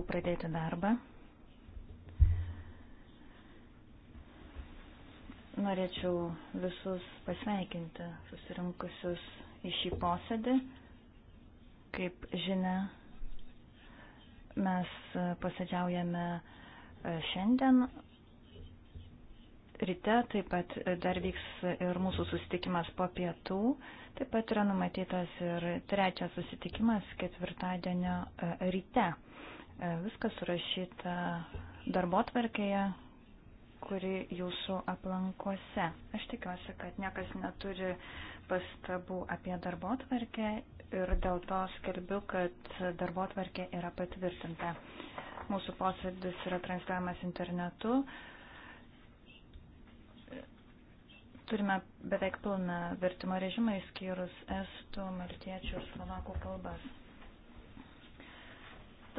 jau pradėti darbą. Norėčiau visus pasveikinti susirinkusius į šį posėdį. Kaip žinia, mes posėdžiaujame e, šiandien. Ryte taip pat dar vyks ir mūsų susitikimas po pietų. Taip pat yra numatytas ir trečias susitikimas ketvirtadienio e, ryte. E, viskas surašyta darbo tvarkėje, kuri jūsų aplankuose. Aš tikiuosi, kad niekas neturi pastabų apie darbo tvarkę ir dėl to skelbiu, kad darbo tvarkė yra patvirtinta. Mūsų posėdis yra transliuojamas internetu. Turime beveik pilną vertimo režimą, išskyrus estų, maltiečių ir slovakų kalbas.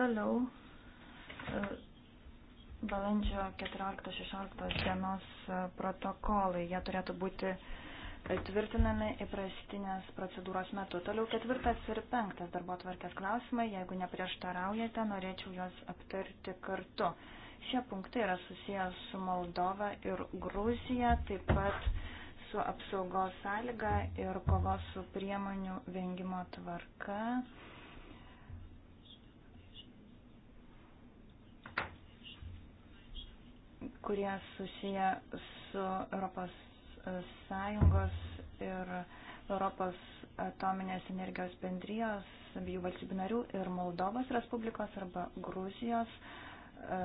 Toliau e, balandžio 14-16 dienos e, protokolai, jie turėtų būti tvirtinami įprastinės procedūros metu. Toliau ketvirtas ir penktas darbo tvarkės klausimai, jeigu neprieštaraujate, norėčiau juos aptarti kartu. Šie punktai yra susijęs su Moldova ir Gruzija, taip pat su apsaugos sąlyga ir kovos su priemonių vengimo tvarka kurie susiję su Europos e, Sąjungos ir Europos atominės energijos bendrijos, abiejų valstybių narių ir Moldovos Respublikos arba Gruzijos e,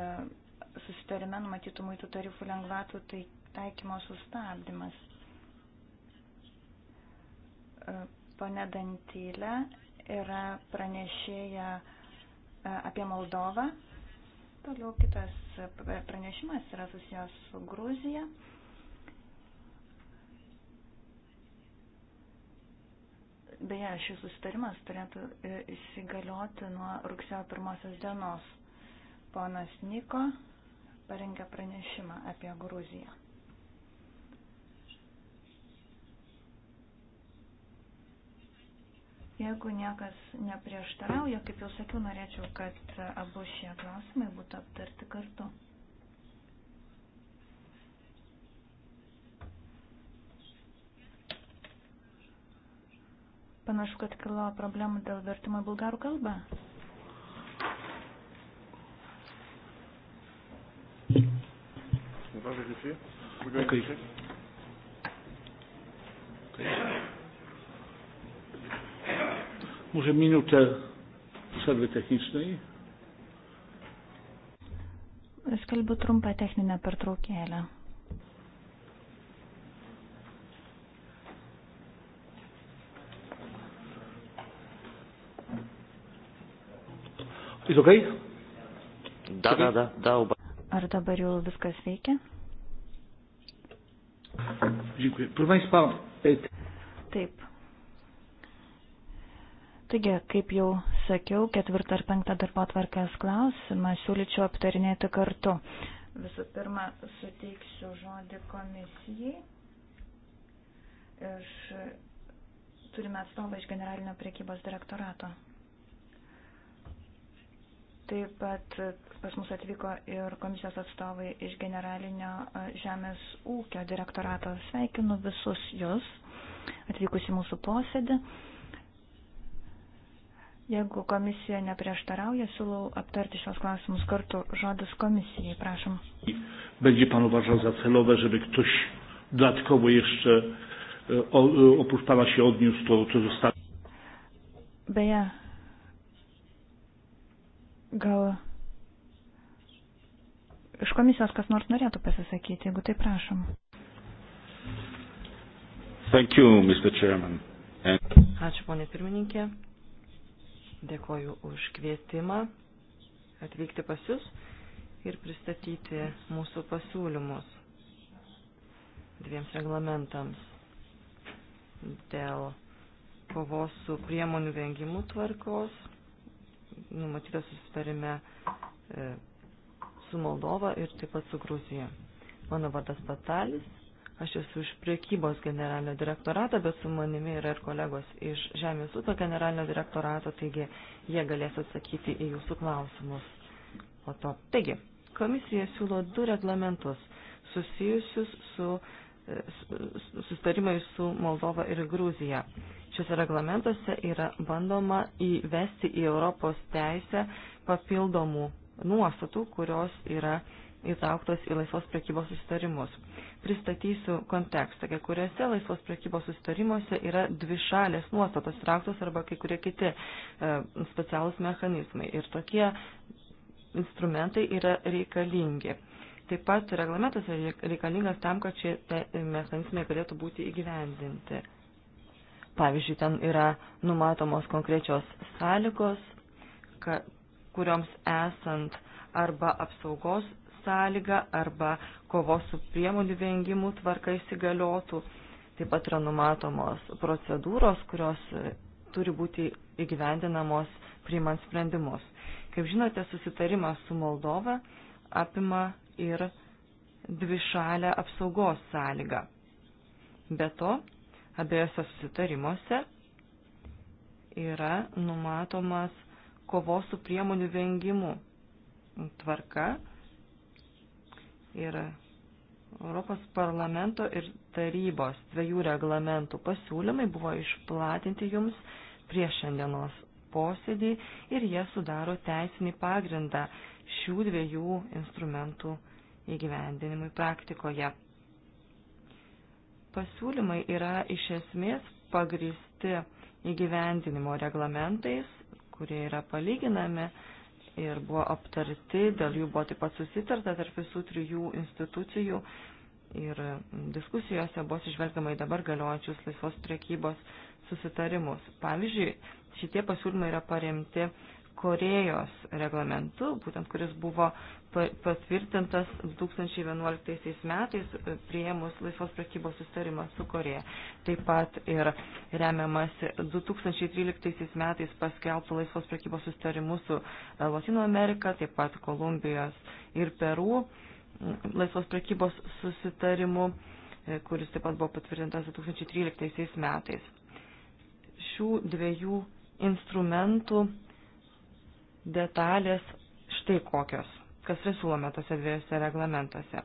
susitarime numatytų muitų tarifų lengvatų tai taikymo sustabdymas. E, Pane Dantylė yra pranešėja apie Moldovą Toliau kitas pranešimas yra susijęs su Gruzija. Beje, šis susitarimas turėtų e, įsigalioti nuo rugsėjo pirmosios dienos. Ponas Niko parengė pranešimą apie Gruziją. Jeigu niekas neprieštarauja, kaip jau sakiau, norėčiau, kad abu šie klausimai būtų aptarti kartu. Panašu, kad kilo problemų dėl vertimo į bulgarų kalbą. Okay. Może minutę przerwy technicznej. Skalbu trumpą techninę pertraukėlę. Is okay? Da, da, da, da. Ar dabar jau viskas veikia? Dziękuję. Proszę Państwa, e, taip. Taigi, kaip jau sakiau, ketvirtą ar penktą darbo tvarkės klausimą siūlyčiau aptarinėti kartu. Visų pirma, suteiksiu žodį komisijai. Iš, turime atstovą iš generalinio priekybos direktorato. Taip pat pas mus atvyko ir komisijos atstovai iš generalinio žemės ūkio direktorato. Sveikinu visus jūs atvykusi mūsų posėdį. Jeigu komisija neprieštarauja, siūlau aptarti šios klausimus kartu. Žodis komisijai, prašom. Będzie pan uważał za celowe, żeby ktoś dodatkowo jeszcze e, e, oprócz pana się odniósł, to, to zostało. Beje, gal iš komisijos kas nors norėtų pasisakyti, jeigu tai prašom. Thank you, Mr. Chairman. And... Ačiū, ponė pirmininkė. Dėkoju už kvietimą atvykti pas Jūs ir pristatyti mūsų pasiūlymus dviems reglamentams dėl kovos su priemonių vengimu tvarkos, numatytas susitarime e, su Moldova ir taip pat su Gruzija. Mano vardas Patalis, Aš esu iš priekybos generalinio direktorato, bet su manimi yra ir kolegos iš Žemės ūkio generalinio direktorato, taigi jie galės atsakyti į jūsų klausimus. O to. Taigi, komisija siūlo du reglamentus susijusius e, su sustarimai su Moldova ir Gruzija. Šiuose reglamentuose yra bandoma įvesti į Europos teisę papildomų nuostatų, kurios yra uh, įtrauktos į laisvos prekybos susitarimus. Pristatysiu kontekstą, kai kuriuose laisvos prekybos susitarimuose yra dvi šalės nuostatos įtrauktos arba kai kurie kiti e, specialūs mechanizmai. Ir tokie instrumentai yra reikalingi. Taip pat reglamentas yra reikalingas tam, kad šie e, mechanizmai galėtų būti įgyvendinti. Pavyzdžiui, ten yra numatomos konkrečios sąlygos, kurioms esant arba apsaugos sąlyga arba kovos su priemonių vengimu tvarka įsigaliotų. Taip pat yra numatomos procedūros, kurios turi būti įgyvendinamos priimant sprendimus. Kaip žinote, susitarimas su Moldova apima ir dvišalę apsaugos sąlygą. Be to, abiejose susitarimuose yra numatomas kovos su priemonių vengimu tvarka yra Europos parlamento ir tarybos dviejų reglamentų pasiūlymai buvo išplatinti jums prieš šiandienos posėdį ir jie sudaro teisinį pagrindą šių dviejų instrumentų įgyvendinimui praktikoje. Pasiūlymai yra iš esmės pagristi įgyvendinimo reglamentais, kurie yra palyginami ir buvo aptarti, dėl jų buvo taip pat susitarta tarp visų trijų institucijų ir diskusijose buvo išvelgiama į dabar galiojančius laisvos priekybos susitarimus. Pavyzdžiui, šitie pasiūlymai yra paremti Korejos reglamentu, būtent kuris buvo patvirtintas 2011 metais e, prieimus laisvos prekybos sustarimą su Koreja. Taip pat ir remiamas 2013 metais paskelbtų laisvos prekybos sustarimu su e, Latino Amerika, taip pat Kolumbijos ir Peru laisvos prekybos susitarimu, e, kuris taip pat buvo patvirtintas 2013 metais. Šių dviejų instrumentų detalės štai kokios, kas ir siūlome tose dviejose reglamentuose.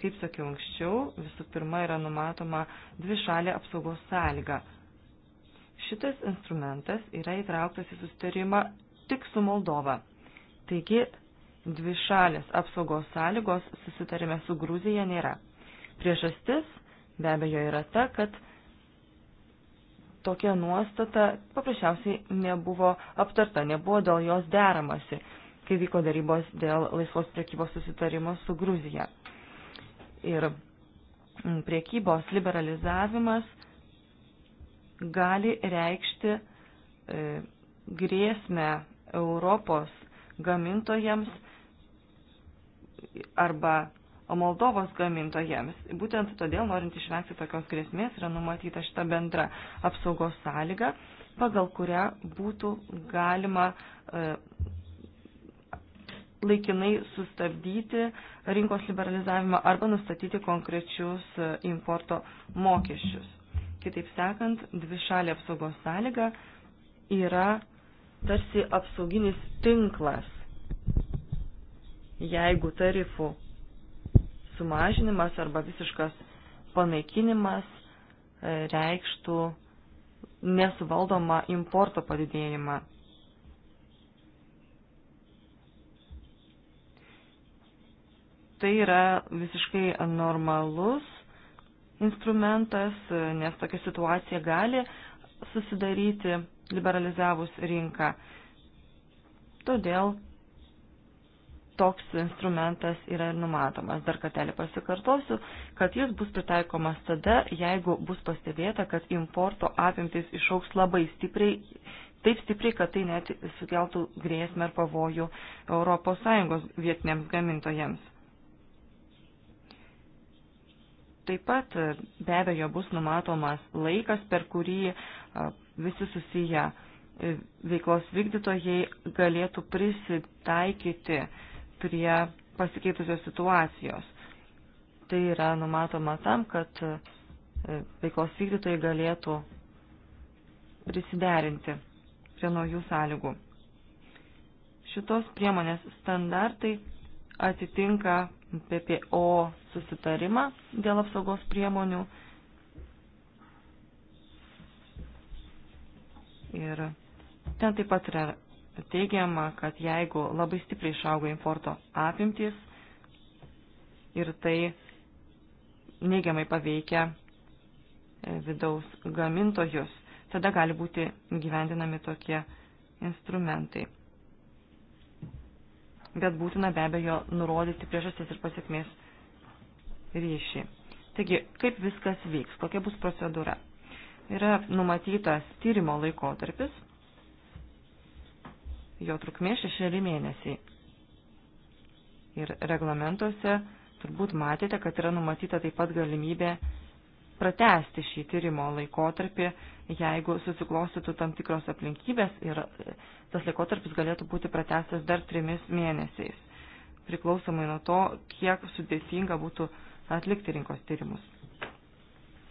Kaip sakiau anksčiau, visų pirma yra numatoma dvi šalė apsaugos sąlyga. Šitas instrumentas yra įtrauktas į sustarimą tik su Moldova. Taigi, dvi šalės apsaugos sąlygos susitarime su Gruzija nėra. Priežastis be abejo yra ta, kad tokia nuostata paprasčiausiai nebuvo aptarta, nebuvo dėl jos deramasi, kai vyko darybos dėl laisvos priekybos susitarimo su Gruzija. Ir mm, priekybos liberalizavimas gali reikšti e, grėsmę Europos gamintojams arba o Moldovos gamintojams. Būtent todėl, norint išvengti tokios grėsmės, yra numatyta šita bendra apsaugos sąlyga, pagal kurią būtų galima e, laikinai sustabdyti rinkos liberalizavimą arba nustatyti konkrečius e, importo mokesčius. Kitaip sakant, dvišalė apsaugos sąlyga yra tarsi apsauginis tinklas, jeigu tarifų sumažinimas arba visiškas panaikinimas e, reikštų nesuvaldomą importo padidėjimą. Tai yra visiškai normalus instrumentas, e, nes tokia situacija gali susidaryti liberalizavus rinką. Todėl toks instrumentas yra ir numatomas. Dar kartelį pasikartosiu, kad jis bus pritaikomas tada, jeigu bus pastebėta, kad importo apimtis išauks labai stipriai, taip stipriai, kad tai net sukeltų grėsmę ar pavojų ES vietiniams gamintojams. Taip pat be abejo bus numatomas laikas, per kurį visi susiję e, veiklos vykdytojai galėtų prisitaikyti uh, prie pasikeitusios situacijos. Tai yra numatoma tam, kad e, veiklos vykdytojai galėtų prisiderinti prie naujų sąlygų. Šitos priemonės standartai atitinka PPO susitarimą dėl apsaugos priemonių ir ten taip pat yra teigiama, kad jeigu labai stipriai išaugo importo apimtys ir tai neigiamai paveikia e, vidaus gamintojus, tada gali būti gyvendinami tokie instrumentai. Bet būtina be abejo nurodyti priežastis ir pasiekmės ryšį. Taigi, kaip viskas vyks, kokia bus procedūra? Yra numatytas tyrimo laikotarpis jo trukmė šešeri mėnesiai. Ir reglamentuose turbūt matėte, kad yra numatyta taip pat galimybė pratesti šį tyrimo laikotarpį, jeigu susiklostytų tam tikros aplinkybės ir tas laikotarpis galėtų būti pratestas dar trimis mėnesiais, priklausomai nuo to, kiek sudėtinga būtų atlikti rinkos tyrimus.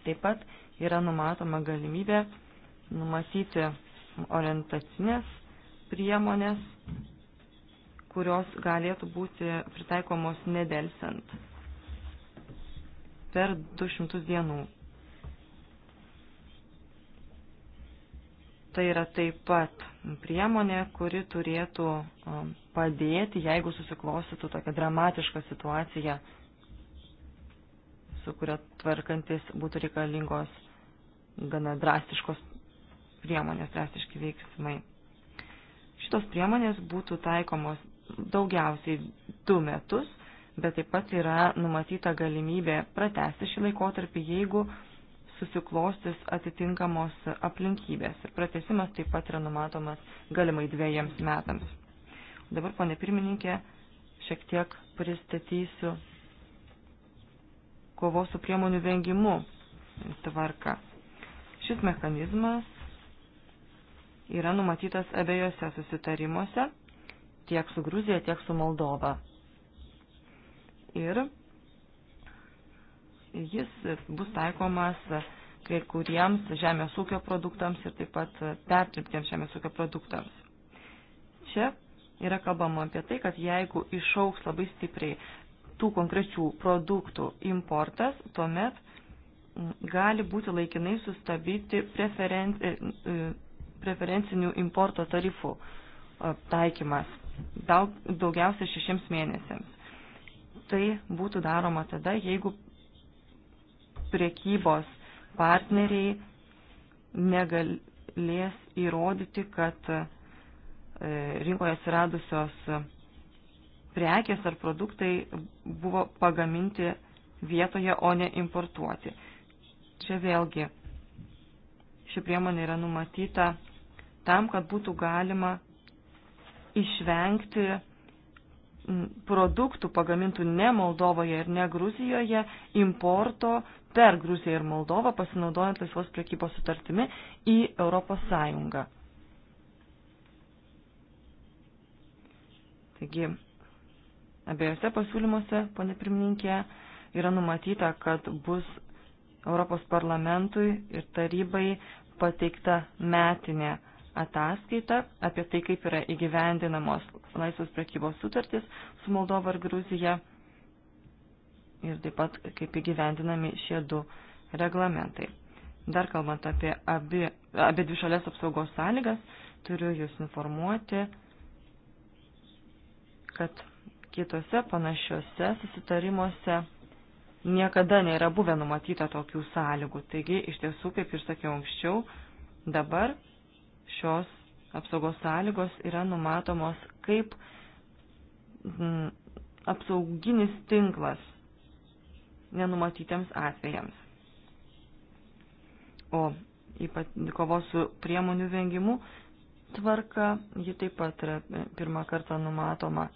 Taip pat yra numatoma galimybė numatyti orientacinės priemonės, kurios galėtų būti pritaikomos nedelsant per 200 dienų. Tai yra taip pat priemonė, kuri turėtų padėti, jeigu susiklostytų tokia dramatiška situacija, su kuria tvarkantis būtų reikalingos gana drastiškos priemonės, drastiški veiksmai. Šitos priemonės būtų taikomos daugiausiai du metus, bet taip pat yra numatyta galimybė pratesti šį laikotarpį, jeigu susiklostis atitinkamos aplinkybės. Ir pratesimas taip pat yra numatomas galimai dviejams metams. Dabar, ponė pirmininkė, šiek tiek pristatysiu kovos su priemonių vengimu tvarką. Šis mechanizmas yra numatytas abiejose susitarimuose, tiek su Gruzija, tiek su Moldova. Ir jis bus taikomas kai kuriems žemės ūkio produktams ir taip pat perdirbtiems žemės ūkio produktams. Čia yra kalbama apie tai, kad jeigu išauks labai stipriai tų konkrečių produktų importas, tuomet gali būti laikinai sustabdyti preferen preferencinių importo tarifų e, taikymas daug, daugiausia šešiems mėnesiams. Tai būtų daroma tada, jeigu priekybos partneriai negalės įrodyti, kad e, rinkoje atsiradusios prekės ar produktai buvo pagaminti vietoje, o ne importuoti. Čia vėlgi ši priemonė yra numatyta tam, kad būtų galima išvengti produktų pagamintų ne Moldovoje ir ne Gruzijoje importo per Gruziją ir Moldovą pasinaudojant laisvos priekybos sutartimi į Europos Sąjungą. Taigi, abiejose pasiūlymuose, ponė pirmininkė, yra numatyta, kad bus Europos parlamentui ir tarybai pateikta metinė ataskaitą apie tai, kaip yra įgyvendinamos laisvos prekybos sutartys su Moldova ir Gruzija ir taip pat kaip įgyvendinami šie du reglamentai. Dar kalbant apie abi, abi dvi šalės apsaugos sąlygas, turiu Jūs informuoti, kad kitose panašiose susitarimuose niekada nėra buvę numatyta tokių sąlygų. Taigi, iš tiesų, kaip ir sakiau anksčiau, dabar šios apsaugos sąlygos yra numatomos kaip mm, apsauginis tinklas nenumatytiems atvejams. O ypač kovos su priemonių vengimu tvarka, ji taip pat yra e, pirmą kartą numatoma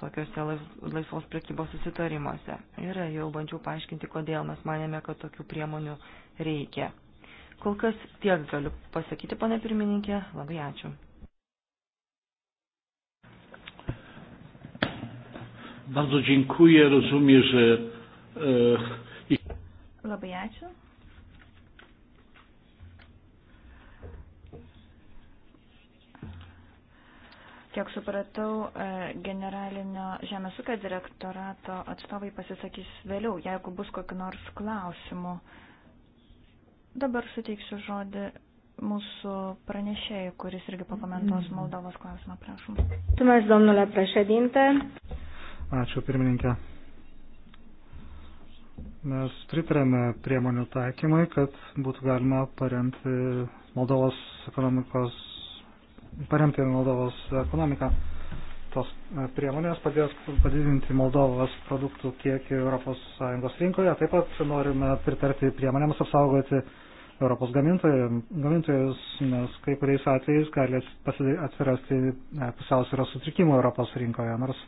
tokiuose laisvos prekybos susitarimuose. Ir jau bandžiau paaiškinti, kodėl mes manėme, kad tokių priemonių reikia. Kol kas tiek galiu pasakyti, pane pirmininkė. Labai ačiū. Bardzo dziękuję. Rozumiem, że. E... Labai ačiū. Kiek supratau, e, generalinio žemės ūkio direktorato atstovai pasisakys vėliau, jeigu bus kokiu nors klausimu. Dabar suteiksiu žodį mūsų pranešėjai, kuris irgi pakomentuos Moldovos klausimą, prašom. Tumas, domnule prašedinte. Ačiū, pirmininkė. Mes pritarėme priemonių taikymui, kad būtų galima paremti Moldovos ekonomikos, paremti Moldovos ekonomiką. Tos e, priemonės padės padidinti Moldovos produktų kiekį ES rinkoje. Taip pat norime pritarti priemonėms apsaugoti Europos gamintojus, nes kai kuriais atvejais gali atsirasti e, pusiausvėros sutrikimų Europos rinkoje, nors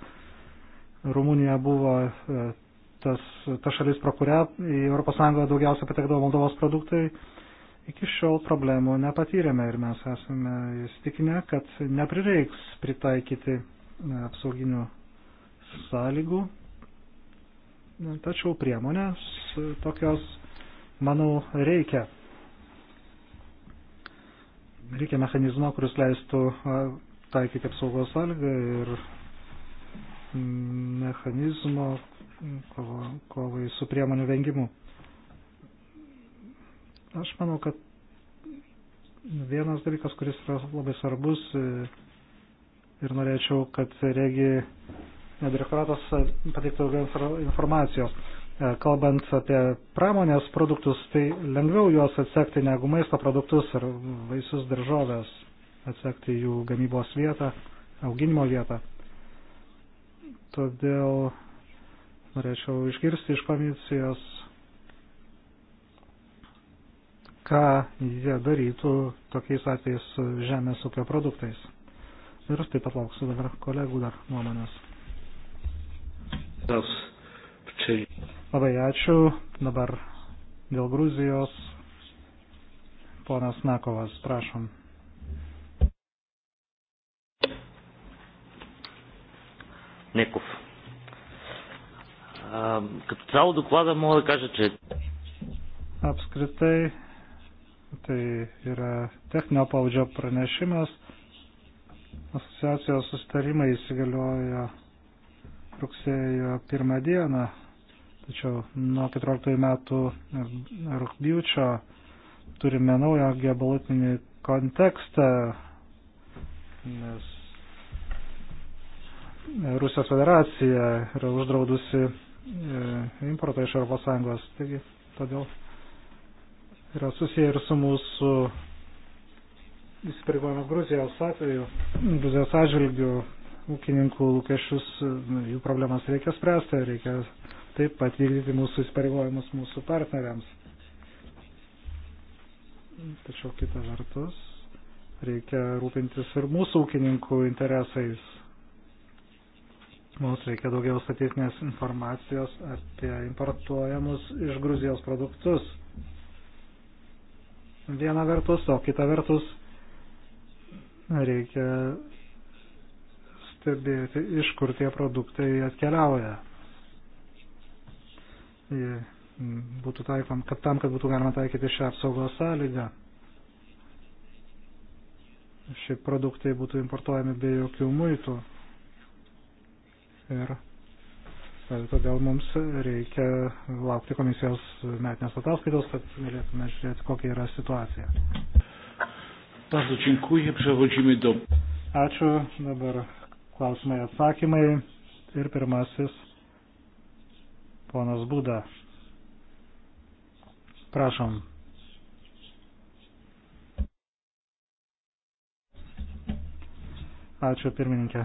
Rumunija buvo e, tas, ta šalis, pro kurią į ES daugiausia patekdavo Moldovos produktai, iki šiol problemų nepatyrėme ir mes esame įstikinę, kad neprireiks pritaikyti e, apsauginių sąlygų, tačiau priemonės tokios, manau, reikia reikia mechanizmo, kuris leistų taikyti apsaugos sąlygą ir mm, mechanizmo kovo, kovai su priemonių vengimu. Aš manau, kad vienas dalykas, kuris yra labai svarbus e, ir norėčiau, kad regi direktoratas pateiktų daugiau informacijos E, kalbant apie pramonės produktus, tai lengviau juos atsekti negu maisto produktus ar vaisius daržovės, atsekti jų gamybos vietą, auginimo vietą. Todėl norėčiau išgirsti iš komisijos, ką jie darytų tokiais atvejais žemės ūkio produktais. Ir taip pat lauksiu dabar kolegų dar nuomonės. That's change. Labai ačiū. Dabar dėl Gruzijos. Ponas Nakovas, prašom. Неков. А, като цяло доклада мога да кажа, че... Apskritai, tai yra techninio pavadžio pranešimas. Asociacijos sustarimai įsigaliojo rugsėjo pirmą dieną Tačiau nuo 14 metų rūpjūčio turime naują geopolitinį kontekstą, nes Rusijos federacija yra uždraudusi e, importą iš ES. Taigi, todėl yra susiję ir su mūsų įsipareigojimo Gruzijos atveju, Gruzijos atžvilgių ūkininkų lūkesčius, jų problemas reikia spręsti, reikia taip pat vykdyti mūsų įsipareigojimus mūsų partneriams. Tačiau kita vertus, reikia rūpintis ir mūsų ūkininkų interesais. Mums reikia daugiau statistinės informacijos apie importuojamus iš Gruzijos produktus. Viena vertus, o kita vertus, reikia stebėti, iš kur tie produktai atkeliauja būtų taikom, kad tam, kad būtų galima taikyti šią apsaugos sąlygą, šie produktai būtų importuojami be jokių muitų. Ir e, todėl mums reikia laukti komisijos metinės ataskaitos, kad galėtume žiūrėti, kokia yra situacija. Bardzo dziękuję. Przechodzimy do. Ačiū. Dabar klausimai atsakymai. Ir pirmasis Ponas Būda. Prašom. Ačiū pirmininkė.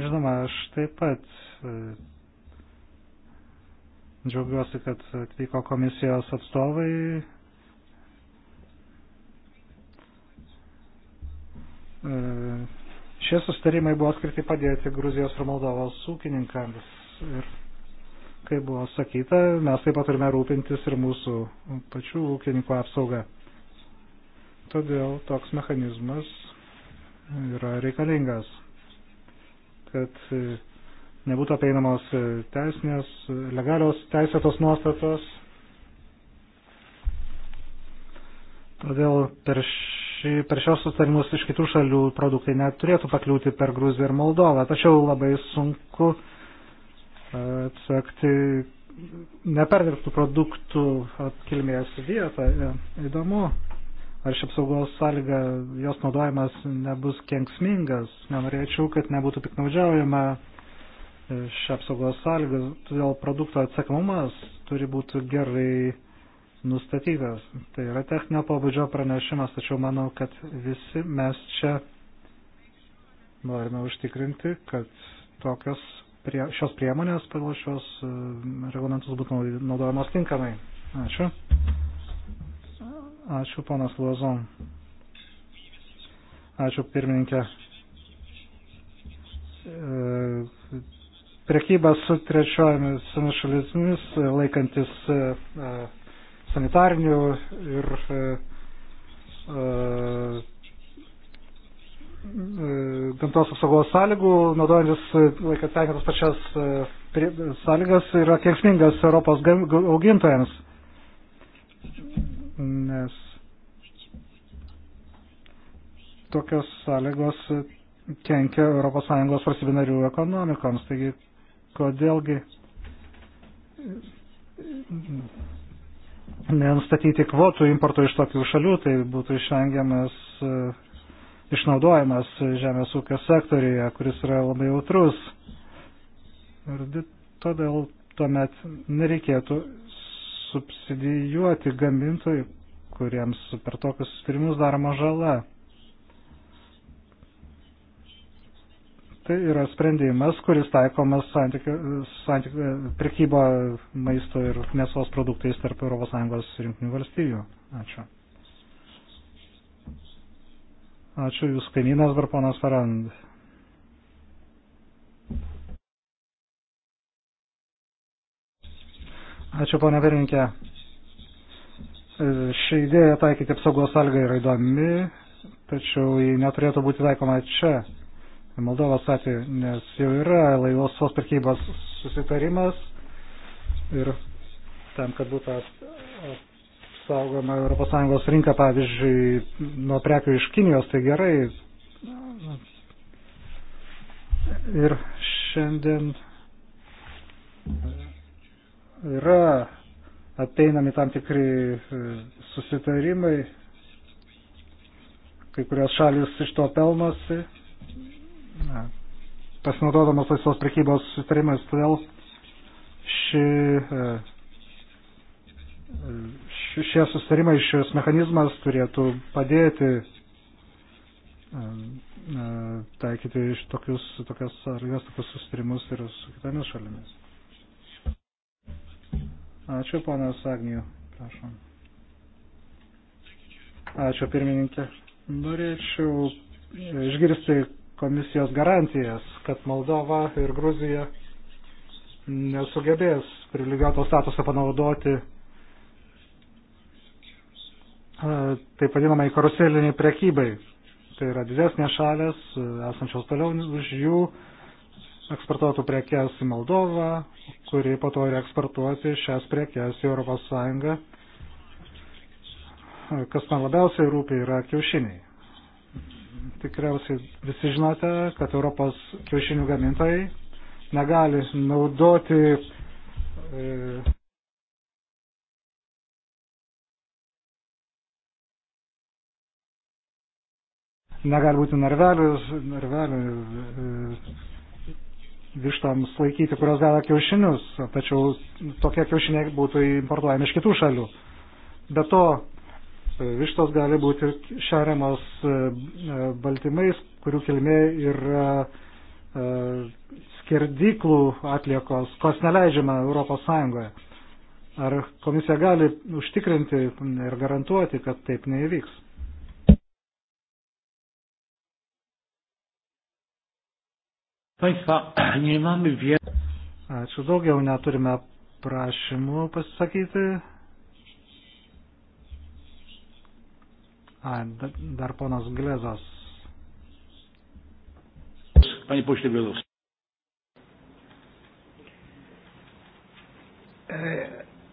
Žinoma, aš taip pat e, džiaugiuosi, kad atvyko komisijos atstovai. E, Šie sustarimai buvo skirti padėti Gruzijos ir Moldovos ūkininkams. Ir kaip buvo sakyta, mes taip pat turime rūpintis ir mūsų pačių ūkininkų apsaugą. Todėl toks mechanizmas yra reikalingas, kad nebūtų apeinamos teisinės, legalios teisėtos nuostatos. Todėl per ši, per šios sustarimus iš kitų šalių produktai neturėtų pakliūti per Gruziją ir Moldovą. Tačiau labai sunku e, atsekti neperdirbtų produktų kilmės vietą. E, įdomu, ar ši apsaugos sąlyga, jos naudojimas nebus kenksmingas. Nenorėčiau, kad nebūtų piknaudžiaujama e, šią apsaugos sąlygą, todėl produkto atsakomumas turi būti gerai nustatytas. Tai yra techninio pobūdžio pranešimas, tačiau manau, kad visi mes čia norime užtikrinti, kad tokios prie, šios priemonės pagal šios e, reglamentus būtų naudojamos tinkamai. Ačiū. Ačiū, ponas Luozon. Ačiū, pirmininkė. E, prekyba su trečiojomis šalismis laikantis e, sanitarinių ir e, e, e, gamtos apsaugos sąlygų, naudojantis laikas tenkintas pačias sąlygas, yra kenksmingas Europos augintojams. Nes tokios sąlygos kenkia ES valstybių narių ekonomikoms. Taigi, kodėlgi nenustatyti kvotų importo iš tokių šalių, tai būtų išvengiamas e, išnaudojimas žemės ūkio sektorijoje, kuris yra labai jautrus. Ir todėl tuomet nereikėtų subsidijuoti gamintojų, kuriems per tokius sustarimus daroma žala. Tai yra sprendimas, kuris taikomas santykių, santykių, prekybo maisto ir mėsos produktais tarp ES ir Junktinių valstybių. Ačiū. Ačiū Jūs kaimynas dar ponas Ferand. Ačiū ponia Pirinkė. Ši idėja taikyti apsaugos algą yra įdomi, tačiau ji neturėtų būti taikoma čia Moldovos atveju, nes jau yra laivosios prekybos susitarimas ir tam, kad būtų apsaugoma ES rinka, pavyzdžiui, nuo prekių iš Kinijos, tai gerai. Ir šiandien yra ateinami tam tikri e, susitarimai, kai kurios šalis iš to pelnosi pasinaudodamas laisvos prekybos sutarimais, todėl ši, e, šie sustarimai, šis mechanizmas turėtų padėti e, e, taikyti iš tokius, tokias argas, tokius sustarimus ir su kitomis šalimis. Ačiū, ponas Agnijų. Prašom. Ačiū, pirmininkė. Norėčiau išgirsti komisijos garantijas, kad Moldova ir Gruzija nesugebės privilegioto statusą panaudoti e, taip vadinamai karuseliniai prekybai. Tai yra didesnės šalės, e, esančios toliau už jų, eksportuotų prekes į Moldovą, kuri po to ir eksportuoti šias prekes į ES. E, kas man labiausiai rūpi yra kiaušiniai tikriausiai visi žinote, kad Europos kiaušinių gamintojai negali naudoti e, negali būti narvelius, narvelių e, vištams laikyti, kurios deda kiaušinius, tačiau tokie kiaušiniai būtų importuojami iš kitų šalių. Be to, Vištos gali būti šeriamos e, e, baltymais, kurių kilmė yra e, skerdiklų atliekos, kas neleidžiama Europos Sąjungoje. Ar komisija gali užtikrinti ir garantuoti, kad taip neįvyks? Państwa, nie mamy wiele. Ačiū daugiau neturime prašymų pasisakyti. A, dar ponas Glezos. Panie pośle Glezos.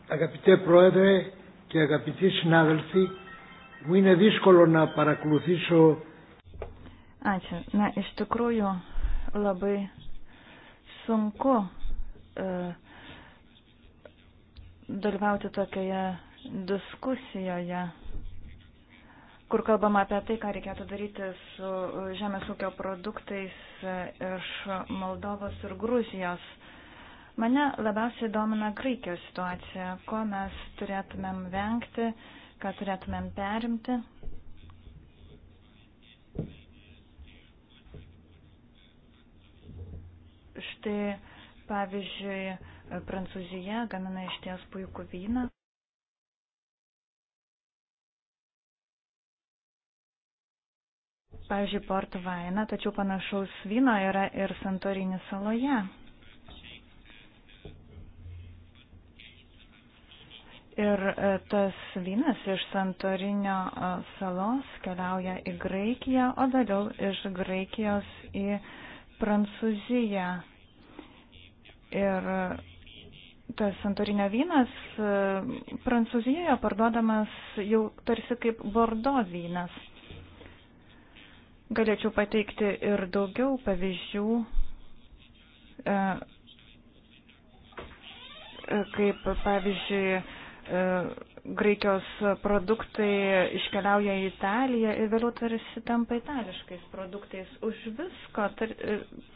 Αγαπητέ Πρόεδρε και αγαπητοί συνάδελφοι, μου είναι δύσκολο να παρακολουθήσω. Ačiū. Na, iš tikrųjų labai sunku e, dalyvauti tokioje diskusijoje kur kalbama apie tai, ką reikėtų daryti su žemės ūkio produktais iš Moldovos ir Gruzijos. Mane labiausiai domina Graikijos situacija, ko mes turėtumėm vengti, ką turėtumėm perimti. Štai, pavyzdžiui, Prancūzija gamina išties puikų vyną. pavyzdžiui, Porto Vainą, tačiau panašaus vyno yra ir Santorinį saloje. Ir e, tas vynas iš Santorinio e, salos keliauja į Graikiją, o vėliau iš Graikijos į Prancūziją. Ir e, tas santorinio vynas Prancūzijoje parduodamas jau tarsi kaip bordo vynas. Galėčiau pateikti ir daugiau pavyzdžių, e, e, kaip pavyzdžiui, e, Graikijos produktai iškeliauja į Italiją ir vėliau tarsi tampa itališkais produktais. Už visko tar,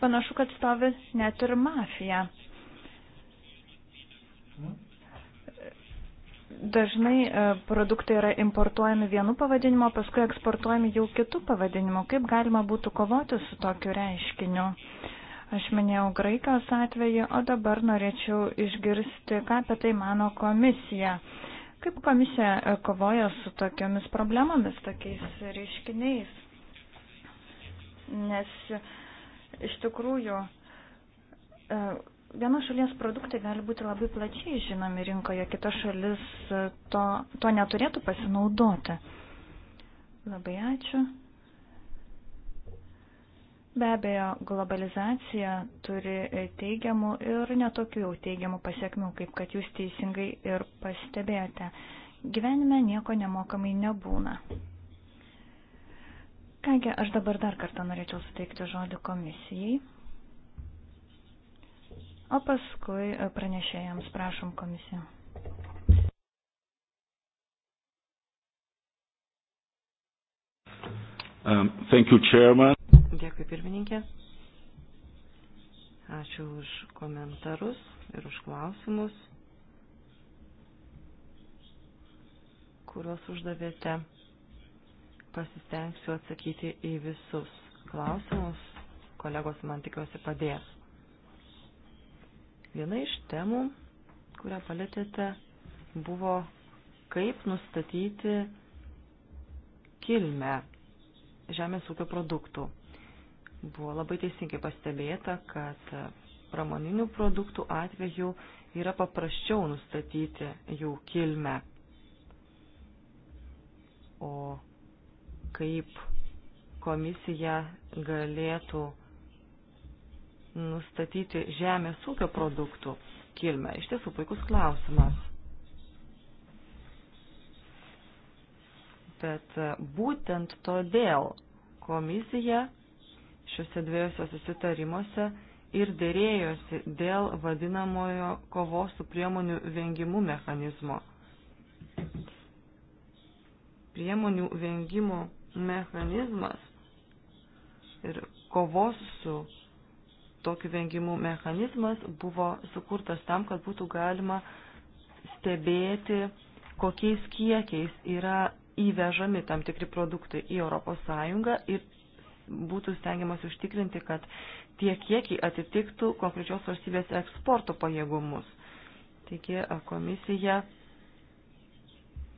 panašu, kad stovi net ir mafija. Hmm? dažnai e, produktai yra importuojami vienu pavadinimu, paskui eksportuojami jau kitų pavadinimu. Kaip galima būtų kovoti su tokiu reiškiniu? Aš minėjau Graikijos atvejį, o dabar norėčiau išgirsti, ką apie tai mano komisija. Kaip komisija e, kovoja su tokiamis problemomis, tokiais reiškiniais? Nes iš tikrųjų e, Vienos šalies produktai gali būti labai plačiai žinomi rinkoje, kita šalis e, to, to neturėtų pasinaudoti. Labai ačiū. Be abejo, globalizacija turi e, teigiamų ir netokių jau teigiamų pasiekmių, kaip kad jūs teisingai ir pastebėjote. Gyvenime nieko nemokamai nebūna. Kągi, aš dabar dar kartą norėčiau suteikti žodį komisijai o paskui e, pranešėjams prašom komisiją. Um, thank you, Chairman. Dėkui, pirmininkė. Ačiū už komentarus ir už klausimus, kuriuos uždavėte. Pasistengsiu atsakyti į visus klausimus. Kolegos man tikiuosi padės. Viena iš temų, kurią palėtėte, buvo kaip nustatyti kilmę žemės ūkio produktų. Buvo labai teisingai pastebėta, kad pramoninių produktų atveju yra paprasčiau nustatyti jų kilmę. O kaip komisija galėtų nustatyti žemės ūkio produktų kilmę? Iš tiesų puikus klausimas. Bet e, būtent todėl komisija šiuose dviejose susitarimuose ir dėrėjosi dėl vadinamojo kovos su priemonių vengimu mechanizmo. Priemonių vengimo mechanizmas ir kovos su tokių vengimų mechanizmas buvo sukurtas tam, kad būtų galima stebėti, kokiais kiekiais yra įvežami tam tikri produktai į ES ir būtų stengiamas užtikrinti, kad tie kiekiai atitiktų konkrečios valstybės eksporto pajėgumus. Taigi komisija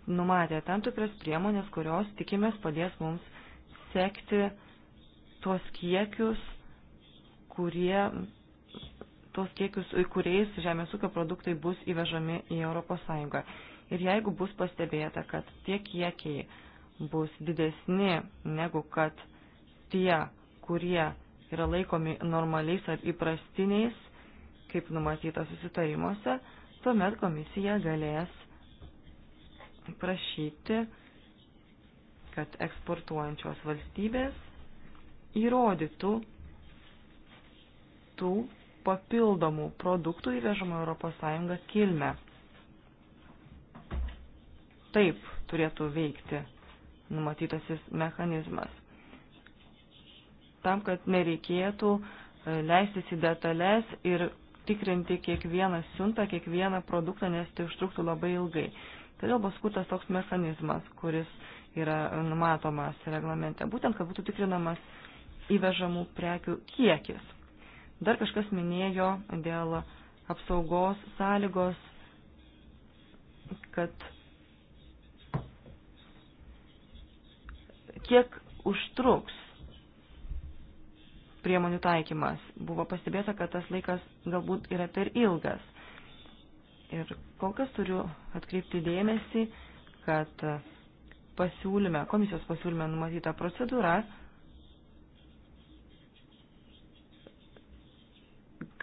numatė tam tikras priemonės, kurios tikimės padės mums sekti tuos kiekius kurie tos kiekius, kuriais žemės ūkio produktai bus įvežami į ES. Ir jeigu bus pastebėta, kad tie kiekiai bus didesni negu kad tie, kurie yra laikomi normaliais ar įprastiniais, kaip numatyta susitarimuose, tuomet komisija galės prašyti, kad eksportuojančios valstybės įrodytų tų papildomų produktų įvežama ES kilmę. Taip turėtų veikti numatytasis mechanizmas. Tam, kad nereikėtų e, leistis į detalės ir tikrinti kiekvieną siuntą, kiekvieną produktą, nes tai užtruktų labai ilgai. Todėl buvo skurtas toks mechanizmas, kuris yra numatomas reglamente, būtent, kad būtų tikrinamas įvežamų prekių kiekis. Dar kažkas minėjo dėl apsaugos sąlygos, kad kiek užtruks priemonių taikymas. Buvo pastebėta, kad tas laikas galbūt yra per ilgas. Ir kol kas turiu atkreipti dėmesį, kad pasiūlyme, komisijos pasiūlyme numatyta procedūra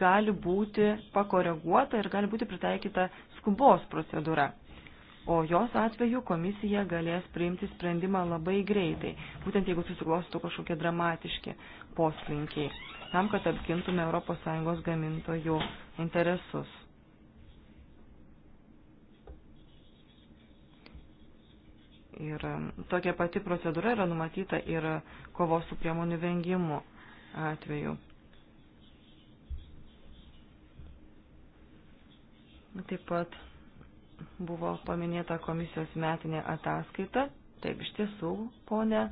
gali būti pakoreguota ir gali būti pritaikyta skubos procedūra. O jos atveju komisija galės priimti sprendimą labai greitai, būtent jeigu susiklostų kažkokie dramatiški poslinkiai, tam, kad apgintume ES gamintojų interesus. Ir um, tokia pati procedūra yra numatyta ir kovos su priemonių vengimu atveju. Taip pat buvo paminėta komisijos metinė ataskaita. Taip, iš tiesų, ponė,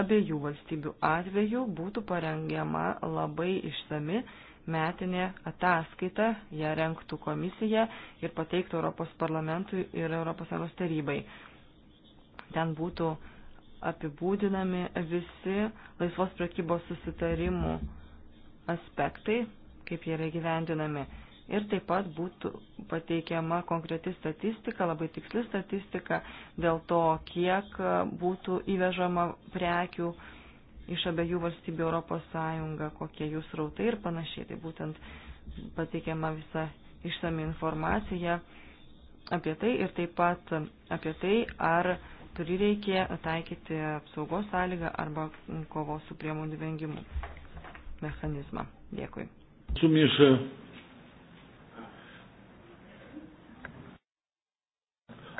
abiejų valstybių atveju būtų parengiama labai išsami metinė ataskaita, ją renktų komisija ir pateiktų Europos parlamentui ir ES tarybai. Ten būtų apibūdinami visi laisvos prekybos susitarimų aspektai, kaip jie yra gyvendinami ir taip pat būtų pateikiama konkreti statistika, labai tiksli statistika dėl to, kiek būtų įvežama prekių iš abiejų valstybių Europos Sąjunga, kokie jų srautai ir panašiai. Tai būtent pateikiama visa išsami informacija apie tai ir taip pat apie tai, ar prireikė taikyti apsaugos sąlygą arba kovos su priemonių vengimu mechanizmą. Dėkui. Sumiša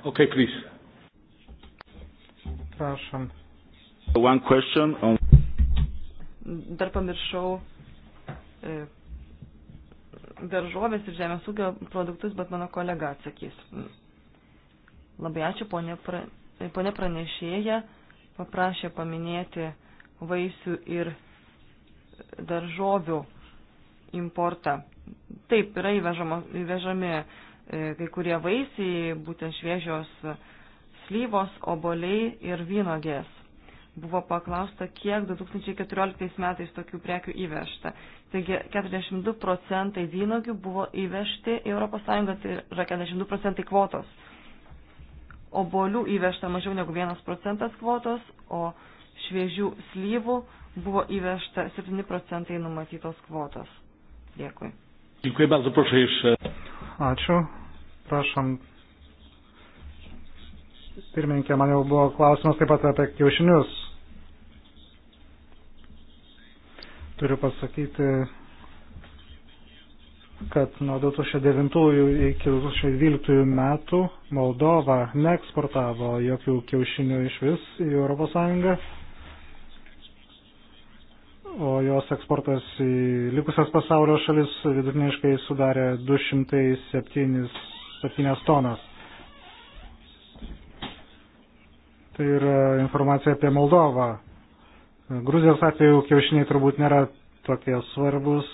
Okay, please. Prašom. One question on... Dar pamiršau e, daržovės ir žemės ūkio produktus, bet mano kolega atsakys. Labai ačiū, ponė, pra, ponė pranešėja, paprašė paminėti vaisių ir daržovių importą. Taip, yra įvežama, įvežami E, kai kurie vaisiai, būtent šviežios slyvos, oboliai ir vynogės. Buvo paklausta, kiek 2014 metais tokių prekių įvežta. Taigi 42 procentai vynogių buvo įvežti į ES, tai yra 42 procentai kvotos. Obolių įvežta mažiau negu 1 procentas kvotos, o šviežių slyvų buvo įvežta 7 procentai numatytos kvotos. Dėkui. Dziękuję bardzo. Proszę jeszcze. Ačiū. Prašom. Pirmininkė, man jau buvo klausimas taip pat apie kiaušinius. Turiu pasakyti, kad nuo 2009 iki 2012 metų Moldova neeksportavo jokių kiaušinių iš vis į ES, o jos eksportas į likusias pasaulio šalis vidutiniškai sudarė 207 7 tonas. Tai yra informacija apie Moldovą. Gruzijos atveju kiaušiniai turbūt nėra tokie svarbus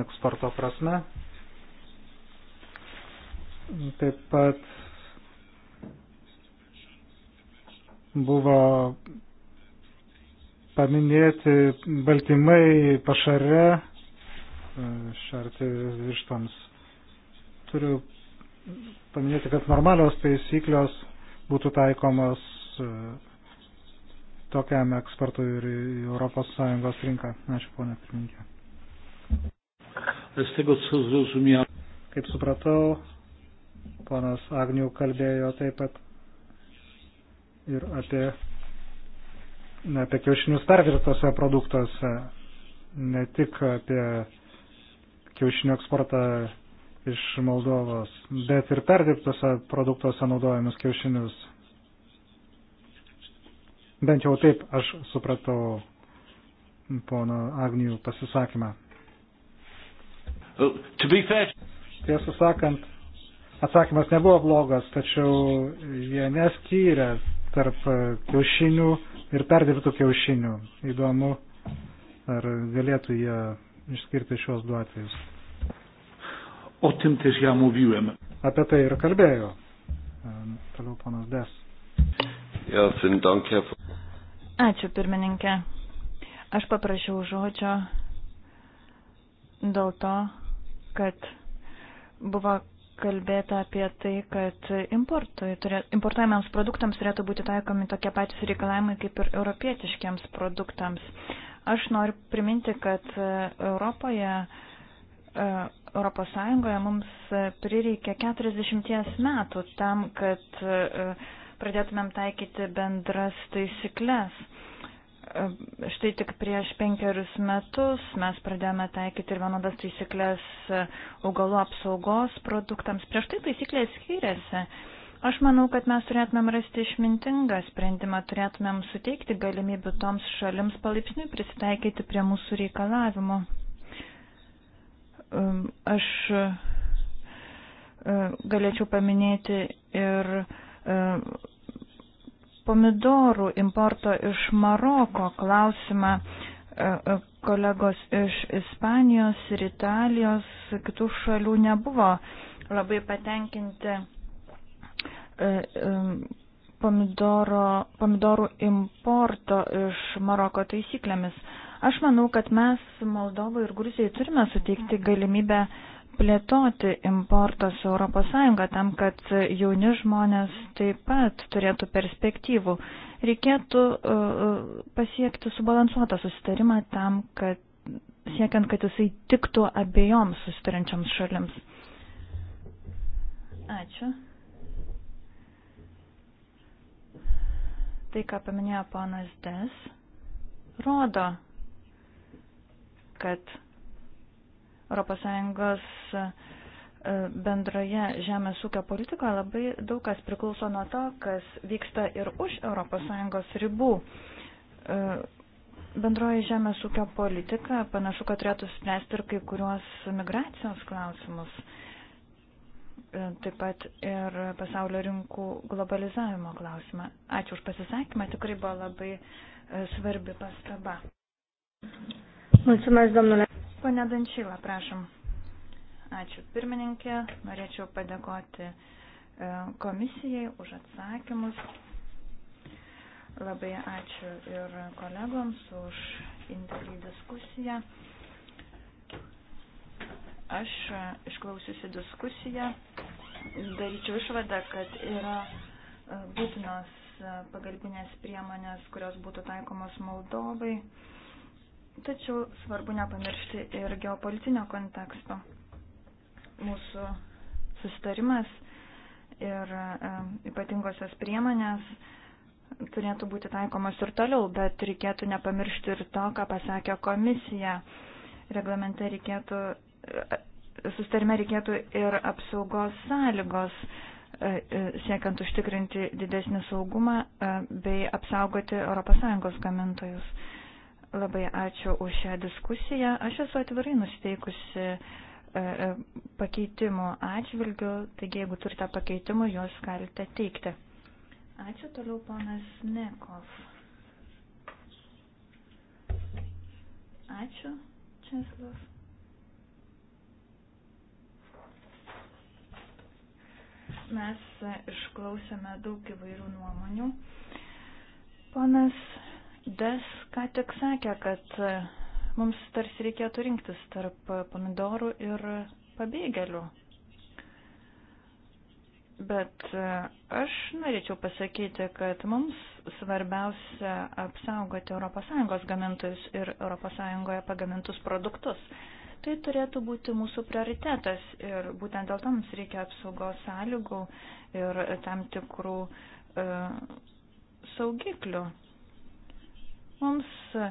eksporto prasme. Taip pat buvo paminėti baltymai pašare e, šerti vištams. Turiu paminėti, kad normalios taisyklios būtų taikomos e, tokiam eksportui ir ES rinką. Ačiū, ponė pirmininkė. Kaip supratau, ponas Agnių kalbėjo taip pat ir apie, ne, apie kiaušinius pervirtose produktuose, ne tik apie kiaušinių eksportą iš Moldovos, bet ir perdirbtose produktuose naudojamus kiaušinius. Bent jau taip aš supratau pono Agnijų pasisakymą. Tiesą sakant, atsakymas nebuvo blogas, tačiau jie neskyrė tarp kiaušinių ir perdirbtų kiaušinių. Įdomu, ar galėtų jie išskirti šios du atvejus. O tym też ja mówiłem. Apie tai ir kalbėjau. Toliau ponas Des. Ja, danke. Ačiū pirmininkė. Aš paprašiau žodžio dėl to, kad buvo kalbėta apie tai, kad turė, importuojamiams produktams turėtų būti taikomi tokie patys reikalavimai kaip ir europietiškiams produktams. Aš noriu priminti, kad e, Europoje e, Europos Sąjungoje mums prireikė 40 metų tam, kad e, pradėtumėm taikyti bendras taisyklės. E, štai tik prieš penkerius metus mes pradėjome taikyti ir vienodas taisyklės e, augalų apsaugos produktams. Prieš tai taisyklės skiriasi. Aš manau, kad mes turėtumėm rasti išmintingą sprendimą, turėtumėm suteikti galimybių toms šalims palaipsniui prisitaikyti prie mūsų reikalavimų. Aš galėčiau paminėti ir pomidorų importo iš Maroko klausimą e, e, kolegos iš Ispanijos ir Italijos, kitų šalių nebuvo labai patenkinti e, pomidoro, pomidorų importo iš Maroko taisyklėmis. Aš manau, kad mes Moldovai ir Gruzijai turime suteikti galimybę plėtoti importą su ES tam, kad jauni žmonės taip pat turėtų perspektyvų. Reikėtų uh, pasiekti subalansuotą susitarimą tam, kad siekiant, kad jisai tiktų abiejoms susitarančioms šalims. Ačiū. Tai, ką paminėjo ponas Des, rodo, kad ES e, bendroje žemės ūkio politikoje labai daug kas priklauso nuo to, kas vyksta ir už ES ribų. E, bendroji žemės ūkio politika panašu, kad turėtų spręsti ir kai kuriuos migracijos klausimus, e, taip pat ir pasaulio rinkų globalizavimo klausimą. Ačiū už pasisakymą, tikrai buvo labai svarbi pastaba. Mulțumesc, domnule. Pane Dančyla, prašom. Ačiū pirmininkė. Norėčiau padėkoti e, komisijai už atsakymus. Labai ačiū ir kolegoms už indėlį diskusiją. Aš e, išklausiusi diskusiją, daryčiau išvadą, kad yra e, būtinos pagalbinės priemonės, kurios būtų taikomos Moldovai. Tačiau svarbu nepamiršti ir geopolitinio konteksto. Mūsų sustarimas ir e, ypatingosios priemonės turėtų būti taikomos ir toliau, bet reikėtų nepamiršti ir to, ką pasakė komisija. Reglamente reikėtų, e, sustarime reikėtų ir apsaugos sąlygos, e, e, siekiant užtikrinti didesnį saugumą bei apsaugoti ES gamintojus. Labai ačiū už šią diskusiją. Aš esu atvirai nusteikusi e, e, pakeitimų atžvilgių, taigi jeigu turite pakeitimų, juos galite teikti. Ačiū toliau ponas Nekov. Ačiū, Česlav. Mes išklausėme daug įvairių nuomonių. Ponas Des ką tik sakė, kad e, mums tarsi reikėtų rinktis tarp pomidorų ir pabėgėlių. Bet e, aš norėčiau pasakyti, kad mums svarbiausia apsaugoti ES gamintojus ir ES pagamintus produktus. Tai turėtų būti mūsų prioritetas ir būtent dėl to mums reikia apsaugos sąlygų ir tam tikrų e, saugiklių. Mums e,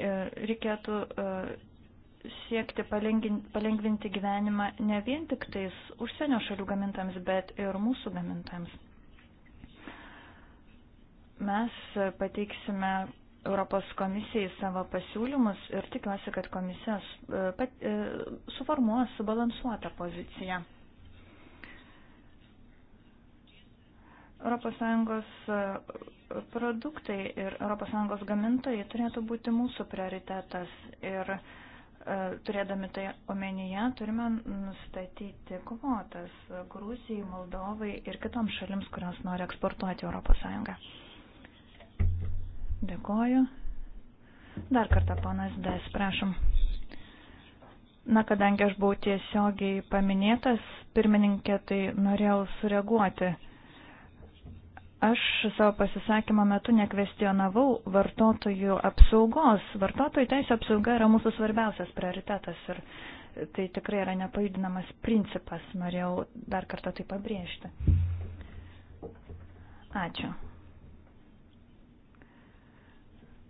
e, reikėtų e, siekti palengvinti gyvenimą ne vien tik tais užsienio šalių gamintams, bet ir mūsų gamintams. Mes pateiksime Europos komisijai savo pasiūlymus ir tikiuosi, kad komisijos pat, suformuos subalansuotą poziciją. ES e, produktai ir ES gamintojai turėtų būti mūsų prioritetas ir e, turėdami tai omenyje turime nustatyti kvotas Grūzijai, Moldovai ir kitoms šalims, kurios nori eksportuoti ES. Dėkoju. Dar kartą ponas Des, prašom. Na, kadangi aš buvau tiesiogiai paminėtas, pirmininkė, tai norėjau sureaguoti. Aš savo pasisakymo metu nekvestionavau vartotojų apsaugos. Vartotojų teisų apsauga yra mūsų svarbiausias prioritetas ir tai tikrai yra nepajudinamas principas. Norėjau dar kartą tai pabrėžti. Ačiū.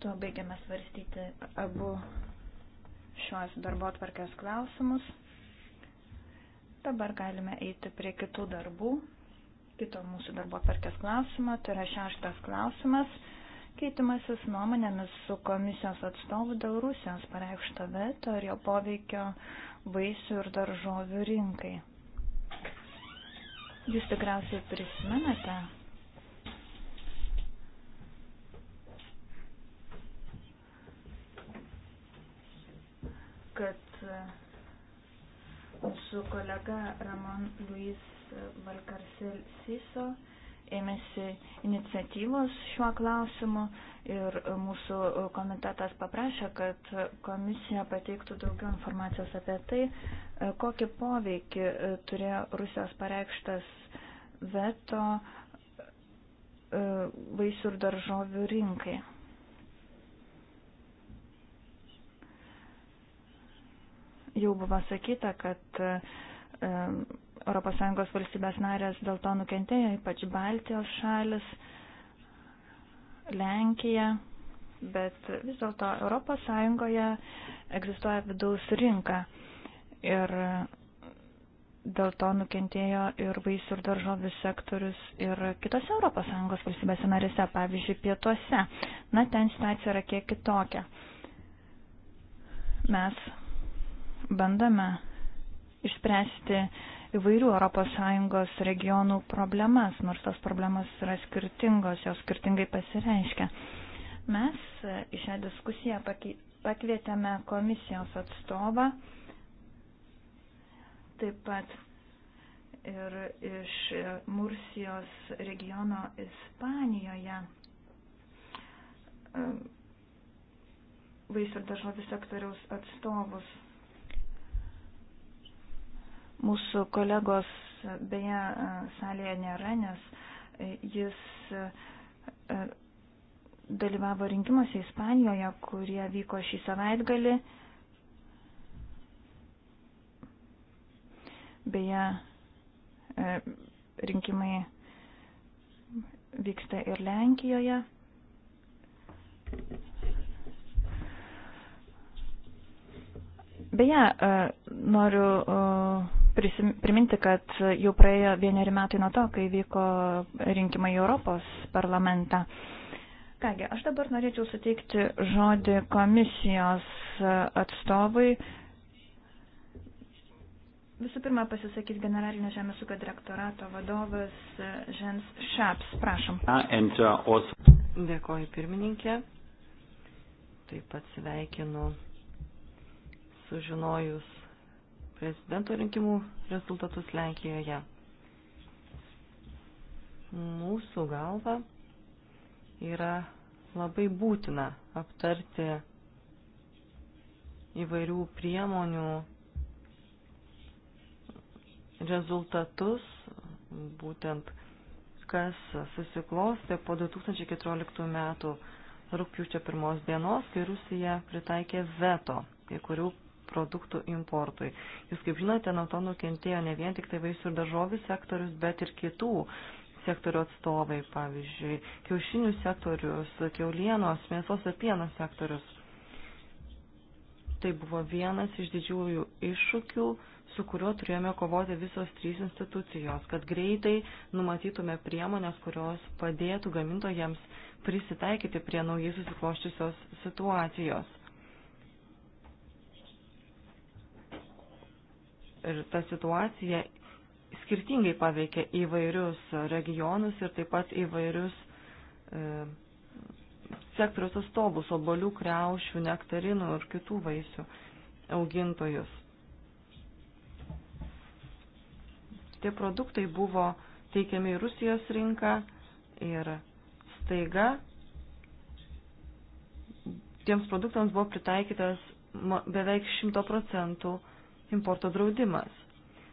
Tuo baigiame svarstyti abu šios darbo tvarkės klausimus. Dabar galime eiti prie kitų darbų kito mūsų darbo perkės klausimą, tai yra šeštas klausimas. Keitimasis nuomonėmis su komisijos atstovu dėl Rusijos pareikšto veto ir jo poveikio vaisių ir daržovių rinkai. Jūs tikriausiai prisimenate, kad su kolega Ramon Luis Valkarsel Siso ėmėsi iniciatyvos šiuo klausimu ir mūsų komitetas paprašė, kad komisija pateiktų daugiau informacijos apie tai, kokį poveikį turėjo Rusijos pareikštas veto e, vaisių ir daržovių rinkai. Jau buvo sakyta, kad e, ES valstybės narės dėl to nukentėjo, ypač Baltijos šalis, Lenkija, bet vis dėlto ES egzistuoja vidaus rinka ir dėl to nukentėjo ir vaisių ir daržovių sektorius ir kitose ES valstybėse narėse, pavyzdžiui, pietuose. Na, ten situacija yra kiek kitokia. Mes bandome išspręsti įvairių ES regionų problemas, nors tos problemas yra skirtingos, jos skirtingai pasireiškia. Mes e, į šią diskusiją pakvietėme komisijos atstovą, taip pat ir iš e, Mursijos regiono Ispanijoje e, vaisių ir daržovių sektoriaus atstovus Mūsų kolegos beje e, salėje nėra, nes e, jis e, dalyvavo rinkimuose Ispanijoje, kurie vyko šį savaitgalį. Beje, rinkimai vyksta ir Lenkijoje. Beje, noriu prisim, priminti, kad jau praėjo vieneri metai nuo to, kai vyko rinkimai į Europos parlamentą. Kągi, aš dabar norėčiau suteikti žodį komisijos atstovui. Visų pirma, pasisakys generalinio žemės ūkio direktorato vadovas Žens Šaps. Prašom. Uh, Dėkoju pirmininkė. Taip pat sveikinu sužinojus prezidento rinkimų rezultatus Lenkijoje. Mūsų galva yra labai būtina aptarti įvairių priemonių rezultatus, būtent kas susiklostė po 2014 metų rūpiučio pirmos dienos, kai Rusija pritaikė veto kai kurių produktų importui. Jūs kaip žinote, nuo to nukentėjo ne vien tik tai vaisių ir daržovių sektorius, bet ir kitų sektorių atstovai, pavyzdžiui, kiaušinių sektorius, keulienos, mėsos ir pieno sektorius. Tai buvo vienas iš didžiųjų iššūkių, su kuriuo turėjome kovoti visos trys institucijos, kad greitai numatytume priemonės, kurios padėtų gamintojams prisitaikyti prie naujai susikloščiusios situacijos. ir ta situacija skirtingai paveikia įvairius regionus ir taip pat įvairius e, sektoriaus atstovus, obolių, kreušių, nektarinų ir kitų vaisių augintojus. Tie produktai buvo teikiami į Rusijos rinką ir staiga tiems produktams buvo pritaikytas beveik 100 procentų importo draudimas.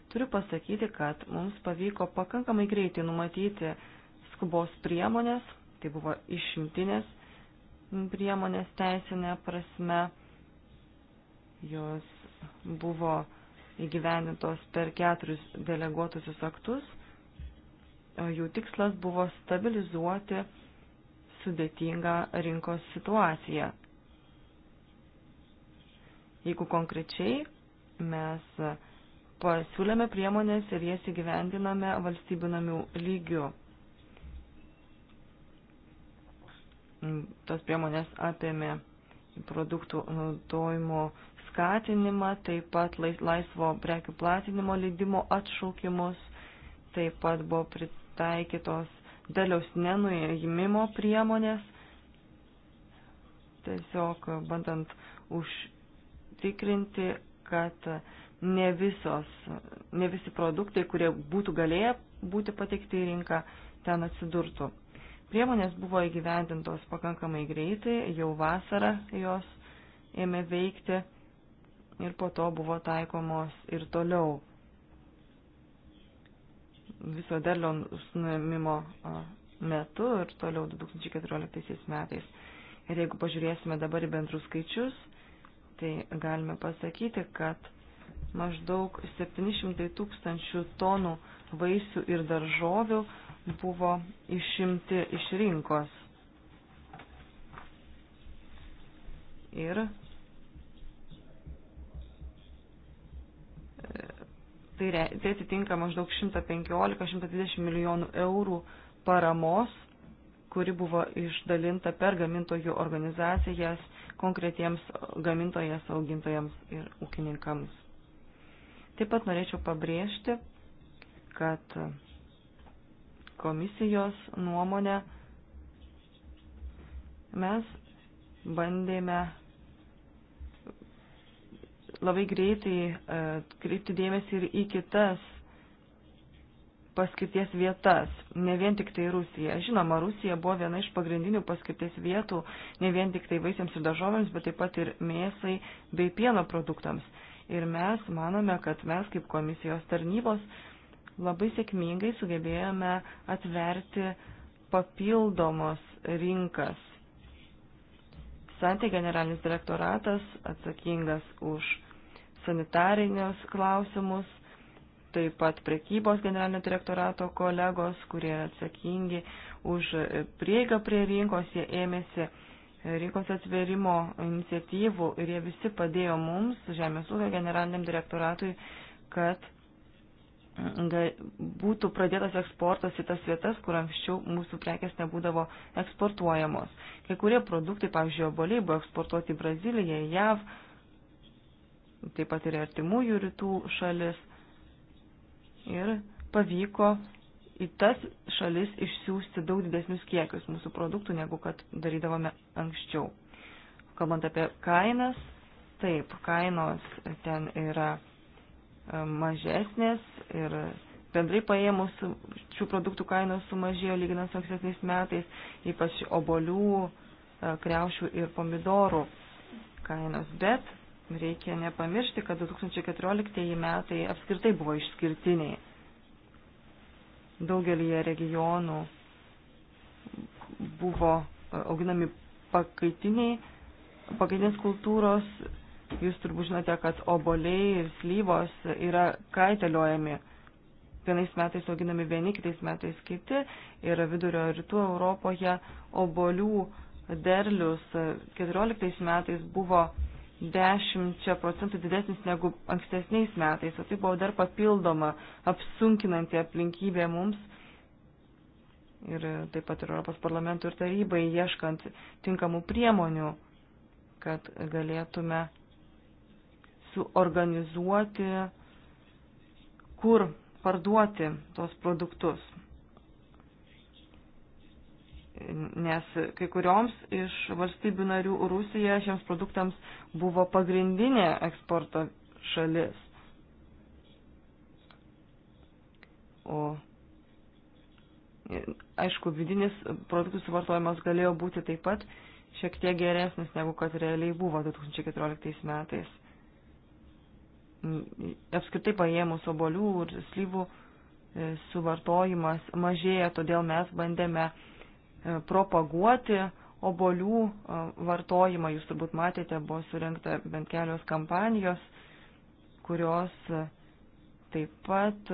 Turiu pasakyti, kad mums pavyko pakankamai greitai numatyti skubos priemonės, tai buvo išimtinės priemonės teisinė prasme, jos buvo įgyvendintos per keturis deleguotusius aktus, o jų tikslas buvo stabilizuoti sudėtingą rinkos situaciją. Jeigu konkrečiai, mes pasiūlėme priemonės ir jas įgyvendiname valstybinamių lygių. Mm, tos priemonės apėmė produktų naudojimo skatinimą, taip pat laisvo prekių platinimo leidimo atšaukimus, taip pat buvo pritaikytos daliaus nenuėjimimo priemonės, tiesiog bandant užtikrinti kad ne, visos, ne visi produktai, kurie būtų galėję būti pateikti į rinką, ten atsidurtų. Priemonės buvo įgyvendintos pakankamai greitai, jau vasarą jos ėmė veikti ir po to buvo taikomos ir toliau viso derliaus nuėmimo metu ir toliau 2014 metais. Ir jeigu pažiūrėsime dabar į bendrus skaičius, tai galime pasakyti, kad maždaug 700 tūkstančių tonų vaisių ir daržovių buvo išimti iš rinkos. Ir e, tai, re, tai atitinka maždaug 115-120 milijonų eurų paramos, kuri buvo išdalinta per gamintojų organizacijas konkretiems gamintojams, augintojams ir ūkininkams. Taip pat norėčiau pabrėžti, kad komisijos nuomonę mes bandėme labai greitai e, kreipti dėmesį ir į kitas paskirties vietas, ne vien tik tai Rusija. Žinoma, Rusija buvo viena iš pagrindinių paskirties vietų, ne vien tik tai vaisiams ir dažovėms, bet taip pat ir mėsai bei pieno produktams. Ir mes manome, kad mes kaip komisijos tarnybos labai sėkmingai sugebėjome atverti papildomos rinkas. Santė generalinis direktoratas atsakingas už sanitarinius klausimus, taip pat prekybos generalinio direktorato kolegos, kurie yra atsakingi už prieigą prie rinkos, jie ėmėsi rinkos atvėrimo iniciatyvų ir jie visi padėjo mums, Žemės ūkio generaliniam direktoratui, kad būtų pradėtas eksportas į tas vietas, kur anksčiau mūsų prekes nebūdavo eksportuojamos. Kai kurie produktai, pavyzdžiui, oboliai buvo eksportuoti į Braziliją, JAV, taip pat ir artimųjų rytų šalis ir pavyko į tas šalis išsiųsti daug didesnius kiekius mūsų produktų, negu kad darydavome anksčiau. Kalbant apie kainas, taip, kainos ten yra e, mažesnės ir bendrai paėmus šių produktų kainos sumažėjo lyginant su ankstesniais metais, ypač obolių, e, kreušių ir pomidorų kainos, bet Reikia nepamiršti, kad 2014 metai apskritai buvo išskirtiniai. Daugelįje regionų buvo e, auginami pakaitiniai, pakaitinės kultūros. Jūs turbūt žinote, kad oboliai ir slyvos yra kaiteliojami vienais metais auginami vieni, kitais metais kiti. Ir vidurio rytų Europoje obolių derlius 14 e, metais buvo 10 procentų didesnis negu ankstesniais metais, o tai buvo dar papildoma apsunkinanti aplinkybė mums ir taip pat ir Europos parlamentų ir tarybai ieškant tinkamų priemonių, kad galėtume suorganizuoti, kur parduoti tos produktus nes kai kurioms iš valstybių narių Rusija šiems produktams buvo pagrindinė eksporto šalis. O aišku, vidinis produktų suvartojimas galėjo būti taip pat šiek tiek geresnis negu kad realiai buvo 2014 metais. Apskritai paėmus obolių ir slyvų e, suvartojimas mažėja, todėl mes bandėme uh, propaguoti obolių vartojimą. Jūs turbūt matėte, buvo surinkta bent kelios kampanijos, kurios taip pat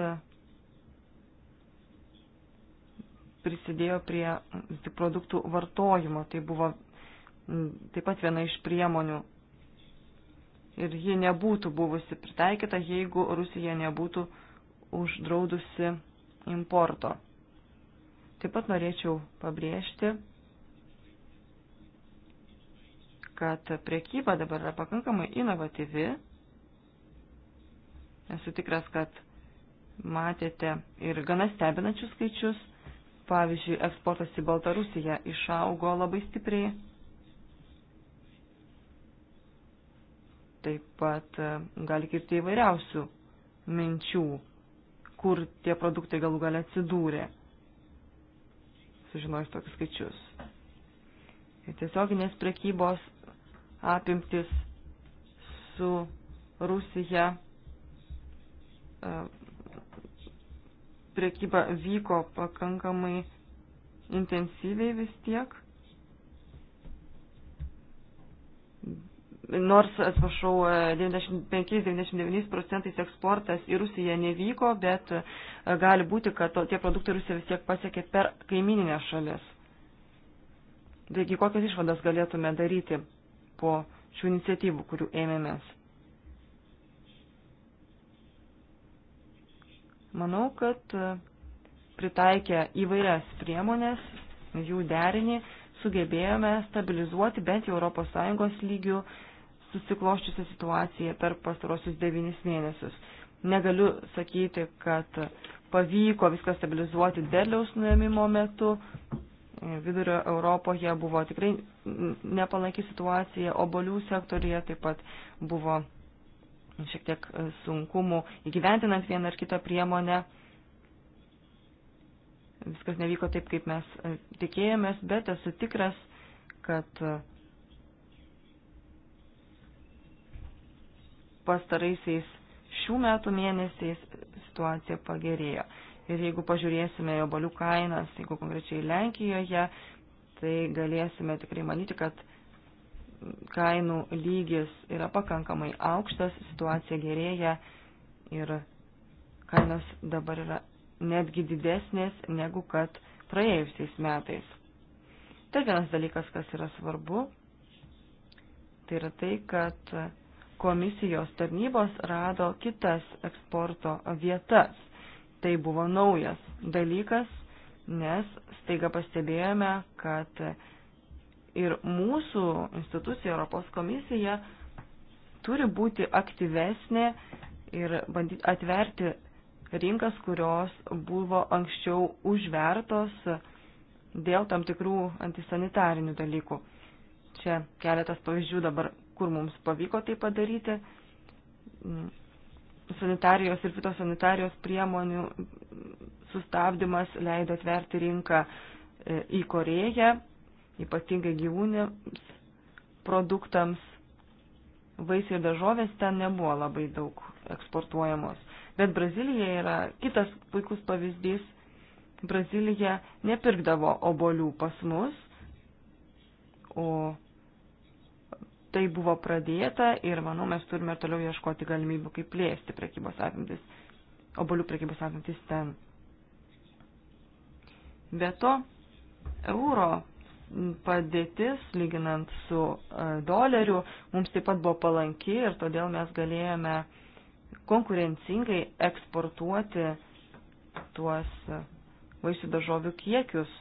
prisidėjo prie produktų vartojimo. Tai buvo taip pat viena iš priemonių. Ir ji nebūtų buvusi pritaikyta, jeigu Rusija nebūtų uždraudusi importo. Taip pat norėčiau pabrėžti, kad priekyba dabar yra pakankamai inovatyvi. Esu tikras, kad matėte ir gana stebinančius skaičius. Pavyzdžiui, eksportas į Baltarusiją išaugo labai stipriai. Taip pat e, gali kirti įvairiausių minčių, kur tie produktai galų gal atsidūrė sužinojus tokius skaičius. Ir tiesioginės prekybos apimtis su Rusija e, prekyba vyko pakankamai intensyviai vis tiek. Nors, atsiprašau, 95-99 procentais eksportas į Rusiją nevyko, bet e, gali būti, kad to, tie produktai Rusija vis tiek pasiekė per kaimininę šalis. Taigi, kokias išvadas galėtume daryti po šių iniciatyvų, kurių ėmėmės? Manau, kad e, pritaikę įvairias priemonės, jų derinį, sugebėjome stabilizuoti bent jau ES lygių susikloščiusią situaciją per pastarosius devynis mėnesius. Negaliu sakyti, kad pavyko viską stabilizuoti derliaus nuėmimo metu. Vidurio Europoje buvo tikrai nepalanki situacija, obolių sektorija taip pat buvo šiek tiek sunkumų įgyventinant vieną ar kitą priemonę. Viskas nevyko taip, kaip mes tikėjomės, bet esu tikras, kad pastaraisiais šių metų mėnesiais situacija pagerėjo. Ir jeigu pažiūrėsime jo balių kainas, jeigu konkrečiai Lenkijoje, tai galėsime tikrai manyti, kad kainų lygis yra pakankamai aukštas, situacija gerėja ir kainos dabar yra netgi didesnės negu kad praėjusiais metais. Dar vienas dalykas, kas yra svarbu, tai yra tai, kad komisijos tarnybos rado kitas eksporto vietas. Tai buvo naujas dalykas, nes staiga pastebėjome, kad ir mūsų institucija, Europos komisija, turi būti aktyvesnė ir bandyti atverti rinkas, kurios buvo anksčiau užvertos dėl tam tikrų antisanitarinių dalykų. Čia keletas pavyzdžių dabar kur mums pavyko tai padaryti. Mm, sanitarijos ir fitosanitarijos priemonių sustabdymas leido atverti rinką e, į Koreją, ypatingai gyvūnėms produktams. Vaisiai ir daržovės ten nebuvo labai daug eksportuojamos. Bet Brazilija yra kitas puikus pavyzdys. Brazilija nepirkdavo obolių pas mus, o tai buvo pradėta ir manau mes turime ir toliau ieškoti galimybių, kaip plėsti prekybos apimtis, obolių prekybos apimtis ten. Be to, euro padėtis, lyginant su e, doleriu, mums taip pat buvo palanki ir todėl mes galėjome konkurencingai eksportuoti tuos e, vaisių daržovių kiekius,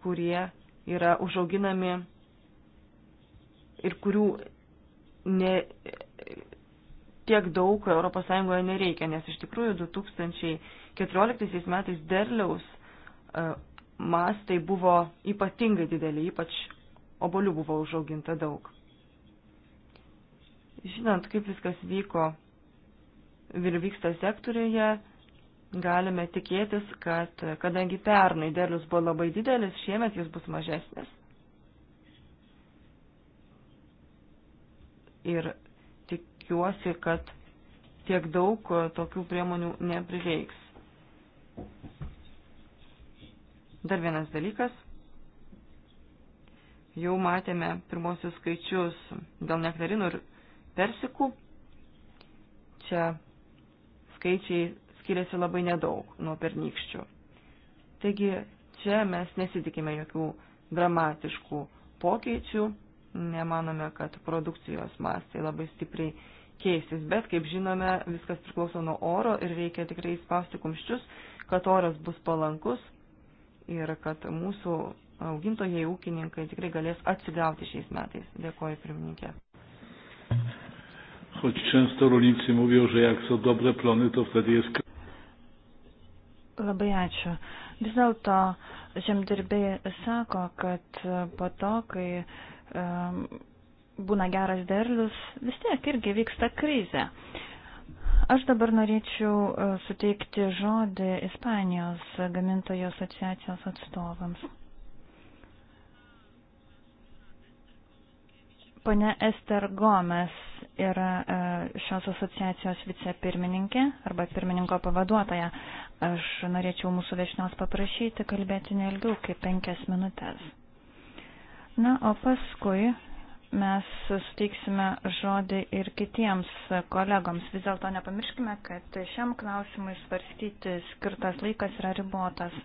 kurie yra užauginami ir kurių ne, tiek daug ES nereikia, nes iš tikrųjų 2014 metais derliaus e, mastai buvo ypatingai dideli, ypač obolių buvo užauginta daug. Žinant, kaip viskas vyko ir vyksta sektoriuje, galime tikėtis, kad kadangi pernai derlius buvo labai didelis, šiemet jis bus mažesnis ir tikiuosi, kad tiek daug e, tokių priemonių neprireiks. Dar vienas dalykas. Jau matėme pirmosius skaičius dėl nektarinų ir persikų. Čia skaičiai skiriasi labai nedaug nuo pernykščių. Taigi čia mes nesitikime jokių dramatiškų pokyčių nemanome, kad produkcijos mastai labai stipriai keisis, bet kaip žinome, viskas priklauso nuo oro ir reikia tikrai spausti kumščius, kad oras bus palankus ir kad mūsų augintojai, ūkininkai tikrai galės atsigauti šiais metais. Dėkuoju, pirmininkė. Choć często rolnicy mówią, że jak są dobre plony, to wtedy jest. Labai ačiū. Vis dėlto žemdirbiai sako, kad po to, kai uh, būna geras derlius, vis tiek irgi vyksta krizė. Aš dabar norėčiau e, suteikti žodį Ispanijos gamintojų asociacijos atstovams. Pane Ester Gomes yra e, šios asociacijos vicepirmininkė arba pirmininko pavaduotoja. Aš norėčiau mūsų viešnios paprašyti kalbėti neilgiau kaip penkias minutės. Na, o paskui mes suteiksime žodį ir kitiems kolegoms. Vis dėlto nepamirškime, kad šiam klausimui svarstyti skirtas laikas yra ribotas.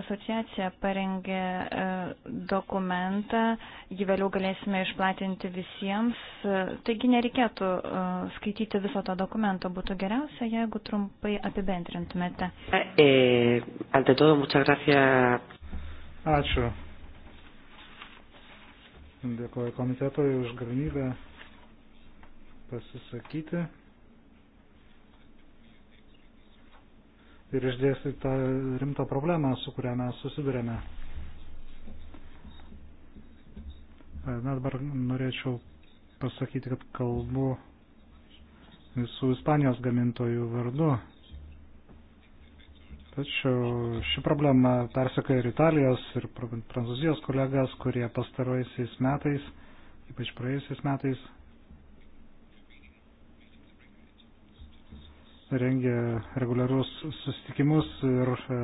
Asociacija parengė e, dokumentą, jį vėliau galėsime išplatinti visiems, taigi nereikėtų e, skaityti viso to dokumento, būtų geriausia, jeigu trumpai apibendrintumėte. E, ante todo, muchas gracias Ačiū. Dėkuoju komitetui už galimybę pasisakyti ir išdėsti tą rimtą problemą, su kuria mes susidurėme. Na dabar norėčiau pasakyti, kad kalbu visų Ispanijos gamintojų vardu. Tačiau ši problema persikėjo ir Italijos, ir Prancūzijos kolegas, kurie pastaraisiais metais, ypač praėjusiais metais, rengė reguliarus susitikimus ir e,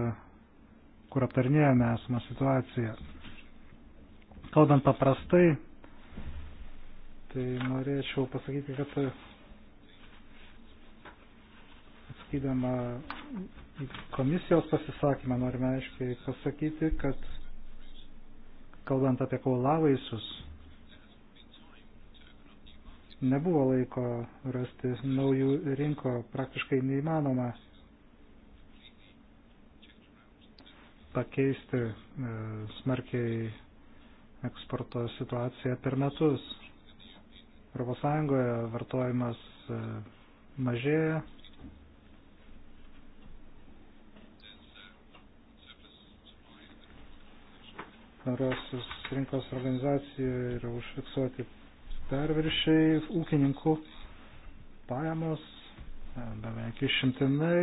kur aptarnėjome esamą situaciją. Kalbant paprastai, tai norėčiau pasakyti, kad e, atsakydama komisijos pasisakymą norime aiškiai pasakyti, kad kalbant apie kaulavaisius, nebuvo laiko rasti naujų rinko, praktiškai neįmanoma pakeisti e, smarkiai eksporto situaciją per metus. Europos Sąjungoje vartojimas e, mažėja, Narosios rinkos organizacijoje yra užfiksuoti perviršiai ūkininkų pajamos e, beveik išimtinai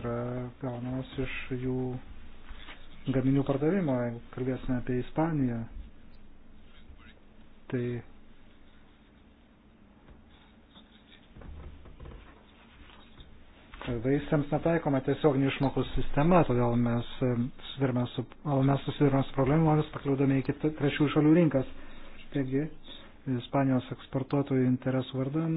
yra gaunamos iš jų gaminių pardavimo, jeigu kalbėsime apie Ispaniją. Tai vaisiams netaikoma tiesioginių išmokų sistema, todėl mes e, susidurime su, mes susidurime su problemomis, pakliūdami į kitų trečių šalių rinkas. Taigi, Ispanijos eksportuotojų interesų vardan.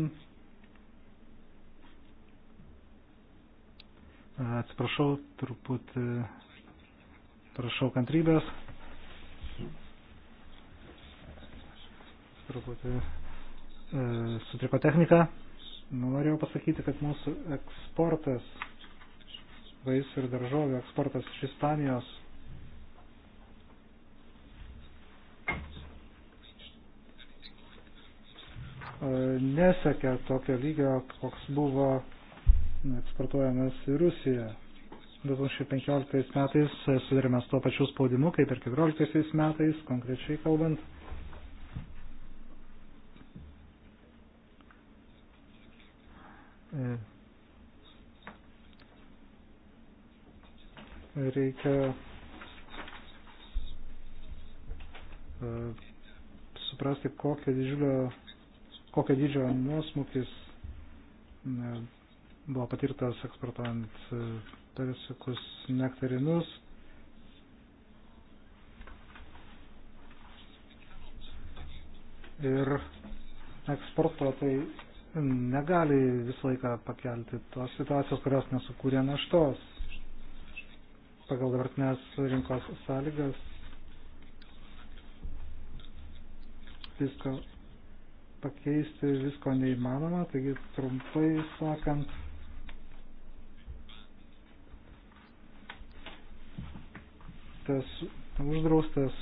Atsiprašau, turbūt e, prašau kantrybės. Truputį e, e, sutriko technika. Nu, norėjau pasakyti, kad mūsų eksportas, vaisių ir daržovių eksportas iš Ispanijos e, nesekia tokio lygio, koks buvo eksportuojamas į Rusiją. 2015 metais sudarėme su to pačiu spaudimu, kaip ir 2014 metais, konkrečiai kalbant. E, reikia e, suprasti, kokio didžiulio, kokio didžio nuosmukis e, buvo patirtas eksportuojant persikus nektarinus. Ir eksportuotojai negali visą laiką pakelti tos situacijos, kurios nesukūrė naštos. Pagal dabartinės rinkos sąlygas visko pakeisti visko neįmanoma, taigi trumpai sakant, tas uždraustas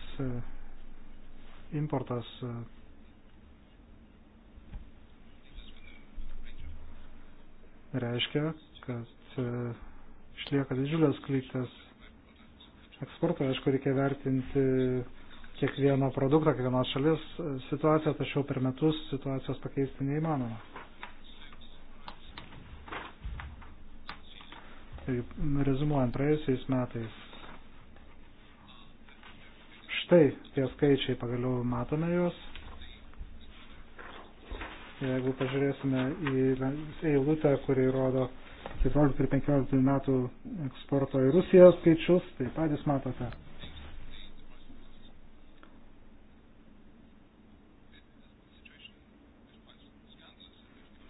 importas reiškia, kad e, išlieka didžiulės klyktės eksporto. Aišku, reikia vertinti kiekvieną produktą, kiekvienos šalis e, situaciją, tačiau per metus situacijos pakeisti neįmanoma. Tai rezumuojant praėjusiais metais. Štai tie skaičiai, pagaliau matome juos. Jeigu pažiūrėsime į eilutę, kuri rodo 14 ir 15 metų eksporto į Rusiją skaičius, tai patys matote.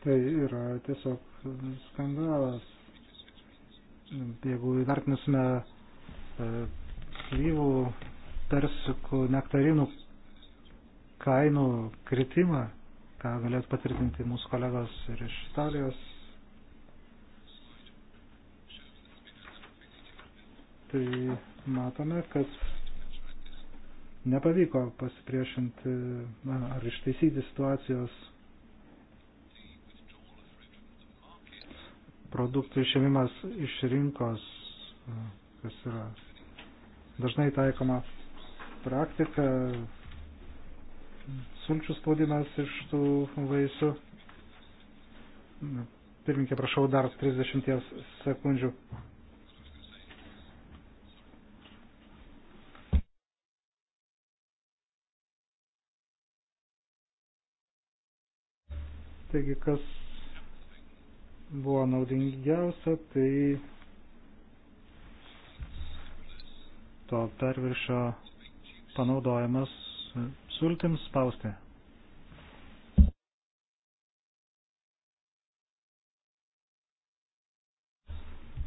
Tai yra tiesiog skandalas. Jeigu įvertinusime e, slyvų, persikų, nektarinų kainų kritimą, ką galės patvirtinti mūsų kolegos ir iš Italijos. Tai matome, kad nepavyko pasipriešinti na, ar ištaisyti situacijos produktų išėmimas iš rinkos, kas yra dažnai taikoma praktika, sulčių spaudimas iš tų vaisių. Pirminkė, prašau dar 30 sekundžių. Taigi, kas buvo naudingiausia, tai to perviršio panaudojimas sultims spausti.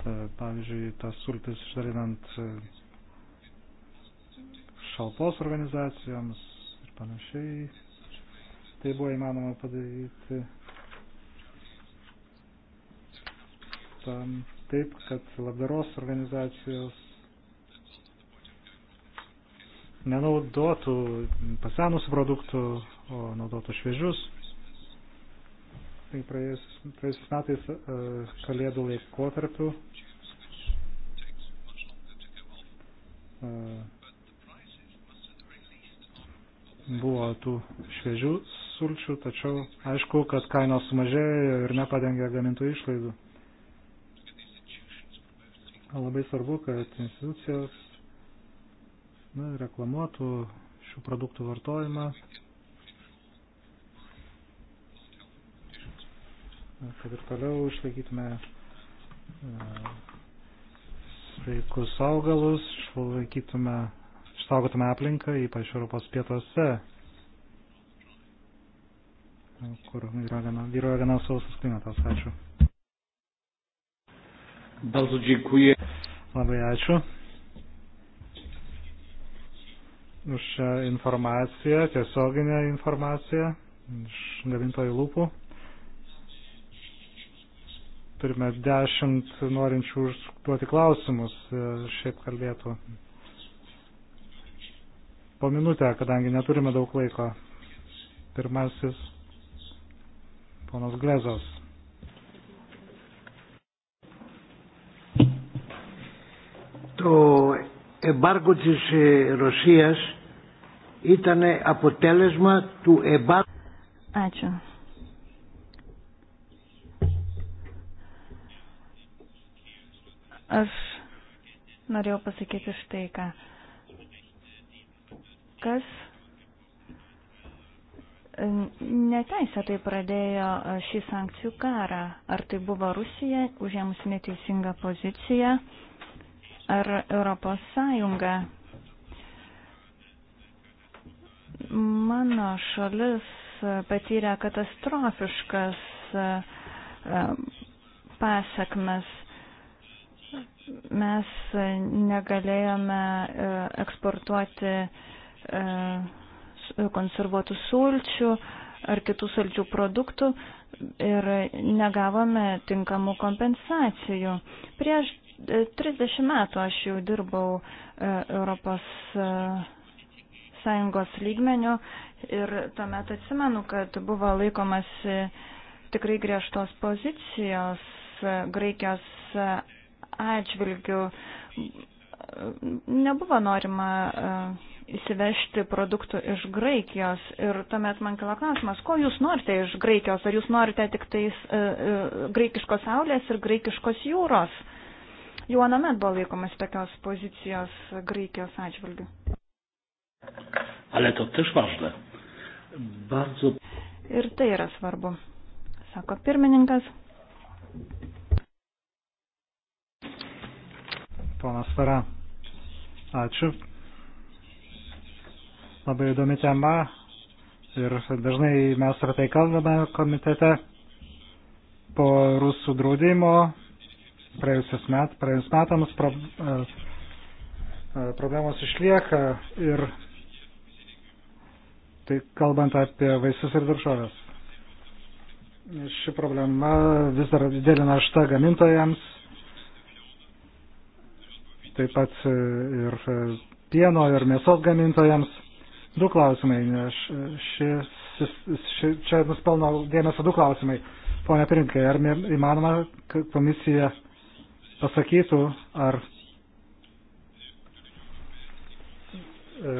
Ta, pavyzdžiui, tas sultis išdarinant e, šalpos organizacijoms ir panašiai. Tai buvo įmanoma padaryti tam, taip, kad labdaros organizacijos nenaudotų pasenus produktų, o naudotų šviežius. Tai praėjusiais metais e, kalėdų laikotarpiu e, buvo tų šviežių sulčių, tačiau aišku, kad kainos sumažėjo ir nepadengė gamintų išlaidų. Labai svarbu, kad institucijos na, reklamuotų šių produktų vartojimą, kad ir toliau išlaikytume e, sveikus augalus, išlaikytume, išsaugotume aplinką, ypač Europos pietuose, kur yra gana, vyroja gana sausas klimatas. Ačiū. Bardzo dziękuję. Labai ačiū už šią informaciją, tiesioginę informaciją iš gamintojų lūpų. Turime dešimt norinčių užduoti klausimus, e, šiaip kalbėtų. Po minutę, kadangi neturime daug laiko. Pirmasis, ponas Glezos. Το εμπάργο της ε, Ρωσίας ήταν αποτέλεσμα του εμπάργου. Ačiū. Aš norėjau pasakyti štai ką. Kas e, neteisėtai pradėjo e, šį sankcijų karą? Ar tai buvo Rusija, užėmusi neteisingą poziciją? ar Europos Sąjunga. Mano šalis patyrė katastrofiškas e, pasakmes. Mes negalėjome e, eksportuoti e, konservuotų sulčių ar kitų saldžių produktų ir negavome tinkamų kompensacijų. Prieš 30 metų aš jau dirbau e, Europos e, Sąjungos lygmenių ir tuomet atsimenu, kad buvo laikomasi tikrai griežtos pozicijos e, Graikijos atžvilgių. Nebuvo norima įsivežti produktų iš Graikijos. Ir tuomet man kilo klausimas, ko jūs norite iš Graikijos? Ar jūs norite tik tais e, e, graikiškos saulės ir graikiškos jūros? jau anamet buvo laikomas tokios pozicijos Graikijos atžvilgių. Ale to też ważne. Bardzo... Ir tai yra svarbu, sako pirmininkas. Ponas Fara, ačiū. Labai įdomi tema ir dažnai mes apie tai kalbame komitete po rusų draudimo praėjusius met, praėjus metams pro, e, e, problemos išlieka ir tai kalbant apie vaisius ir daržovės. Ši problema vis dar didelė našta gamintojams, taip pat ir pieno ir mėsos gamintojams. Du klausimai, nes ši, ši, ši, čia nuspelno dėmesio du klausimai. Pone Pirinkai, ar įmanoma komisija pasakytų, ar e,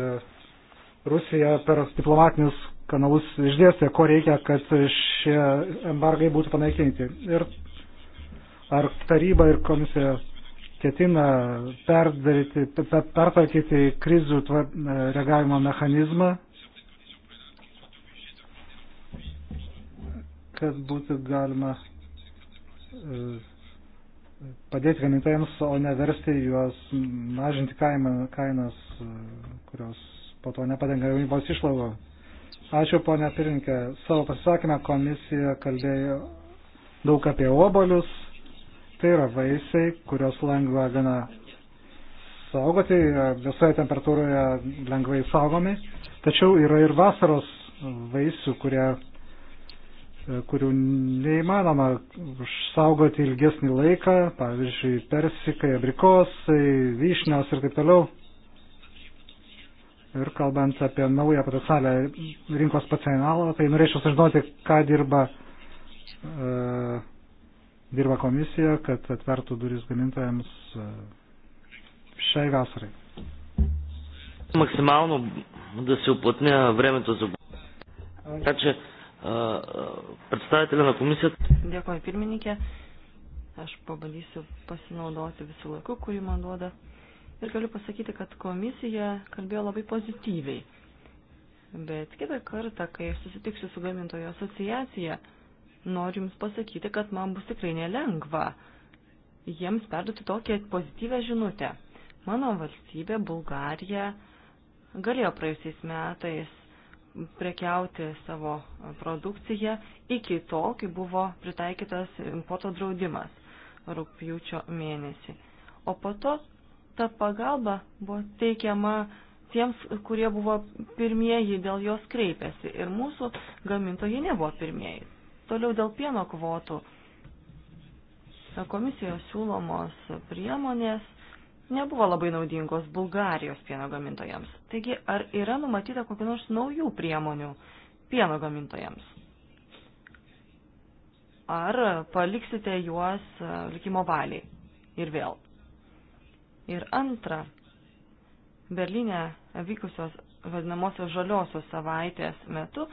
Rusija per diplomatinius kanalus išdėstė, ko reikia, kad šie embargai būtų panaikinti. Ir ar taryba ir komisija ketina perdaryti, pertvarkyti krizių e, reagavimo mechanizmą, kad būtų galima e, padėti gamintojams, o ne versti juos mažinti kainą, kainas, kurios po to nepadengia gamybos išlaidų. Ačiū, ponia Pirinkė. Savo pasisakymę komisija kalbėjo daug apie obolius. Tai yra vaisiai, kurios lengva gana saugoti, visoje temperatūroje lengvai saugomi. Tačiau yra ir vasaros vaisių, kurie E, kurių neįmanoma saugoti ilgesnį laiką, pavyzdžiui, persikai, abrikosai, vyšnios ir taip toliau. Ir kalbant apie naują potencialią rinkos potencialą, tai norėčiau sužinoti, ką dirba, e, dirba komisija, kad atvertų duris gamintojams e, šiai vasarai. Максимално да се уплътня времето за... Така че представителя на комисията. Дякую, pirmininkė. Aš pabandysiu pasinaudoti visų laikų, kurį man duoda. Ir galiu pasakyti, kad komisija kalbėjo labai pozityviai. Bet kitą kartą, kai susitiksiu su gamintojo asociacija, noriu Jums pasakyti, kad man bus tikrai nelengva jiems perduoti tokią pozityvę žinutę. Mano valstybė, Bulgarija, galėjo praėjusiais metais prekiauti savo produkciją. Iki to, kai buvo pritaikytas importo draudimas rūpjūčio mėnesį. O po to ta pagalba buvo teikiama tiems, kurie buvo pirmieji dėl jos kreipėsi. Ir mūsų gamintojai nebuvo pirmieji. Toliau dėl pieno kvotų. Komisijos siūlomos priemonės nebuvo labai naudingos Bulgarijos pieno gamintojams. Taigi, ar yra numatyta kokių nors naujų priemonių pieno gamintojams? Ar paliksite juos e, likimo valiai? Ir vėl. Ir antra, Berlyne vykusios vadinamosios žaliosios savaitės metu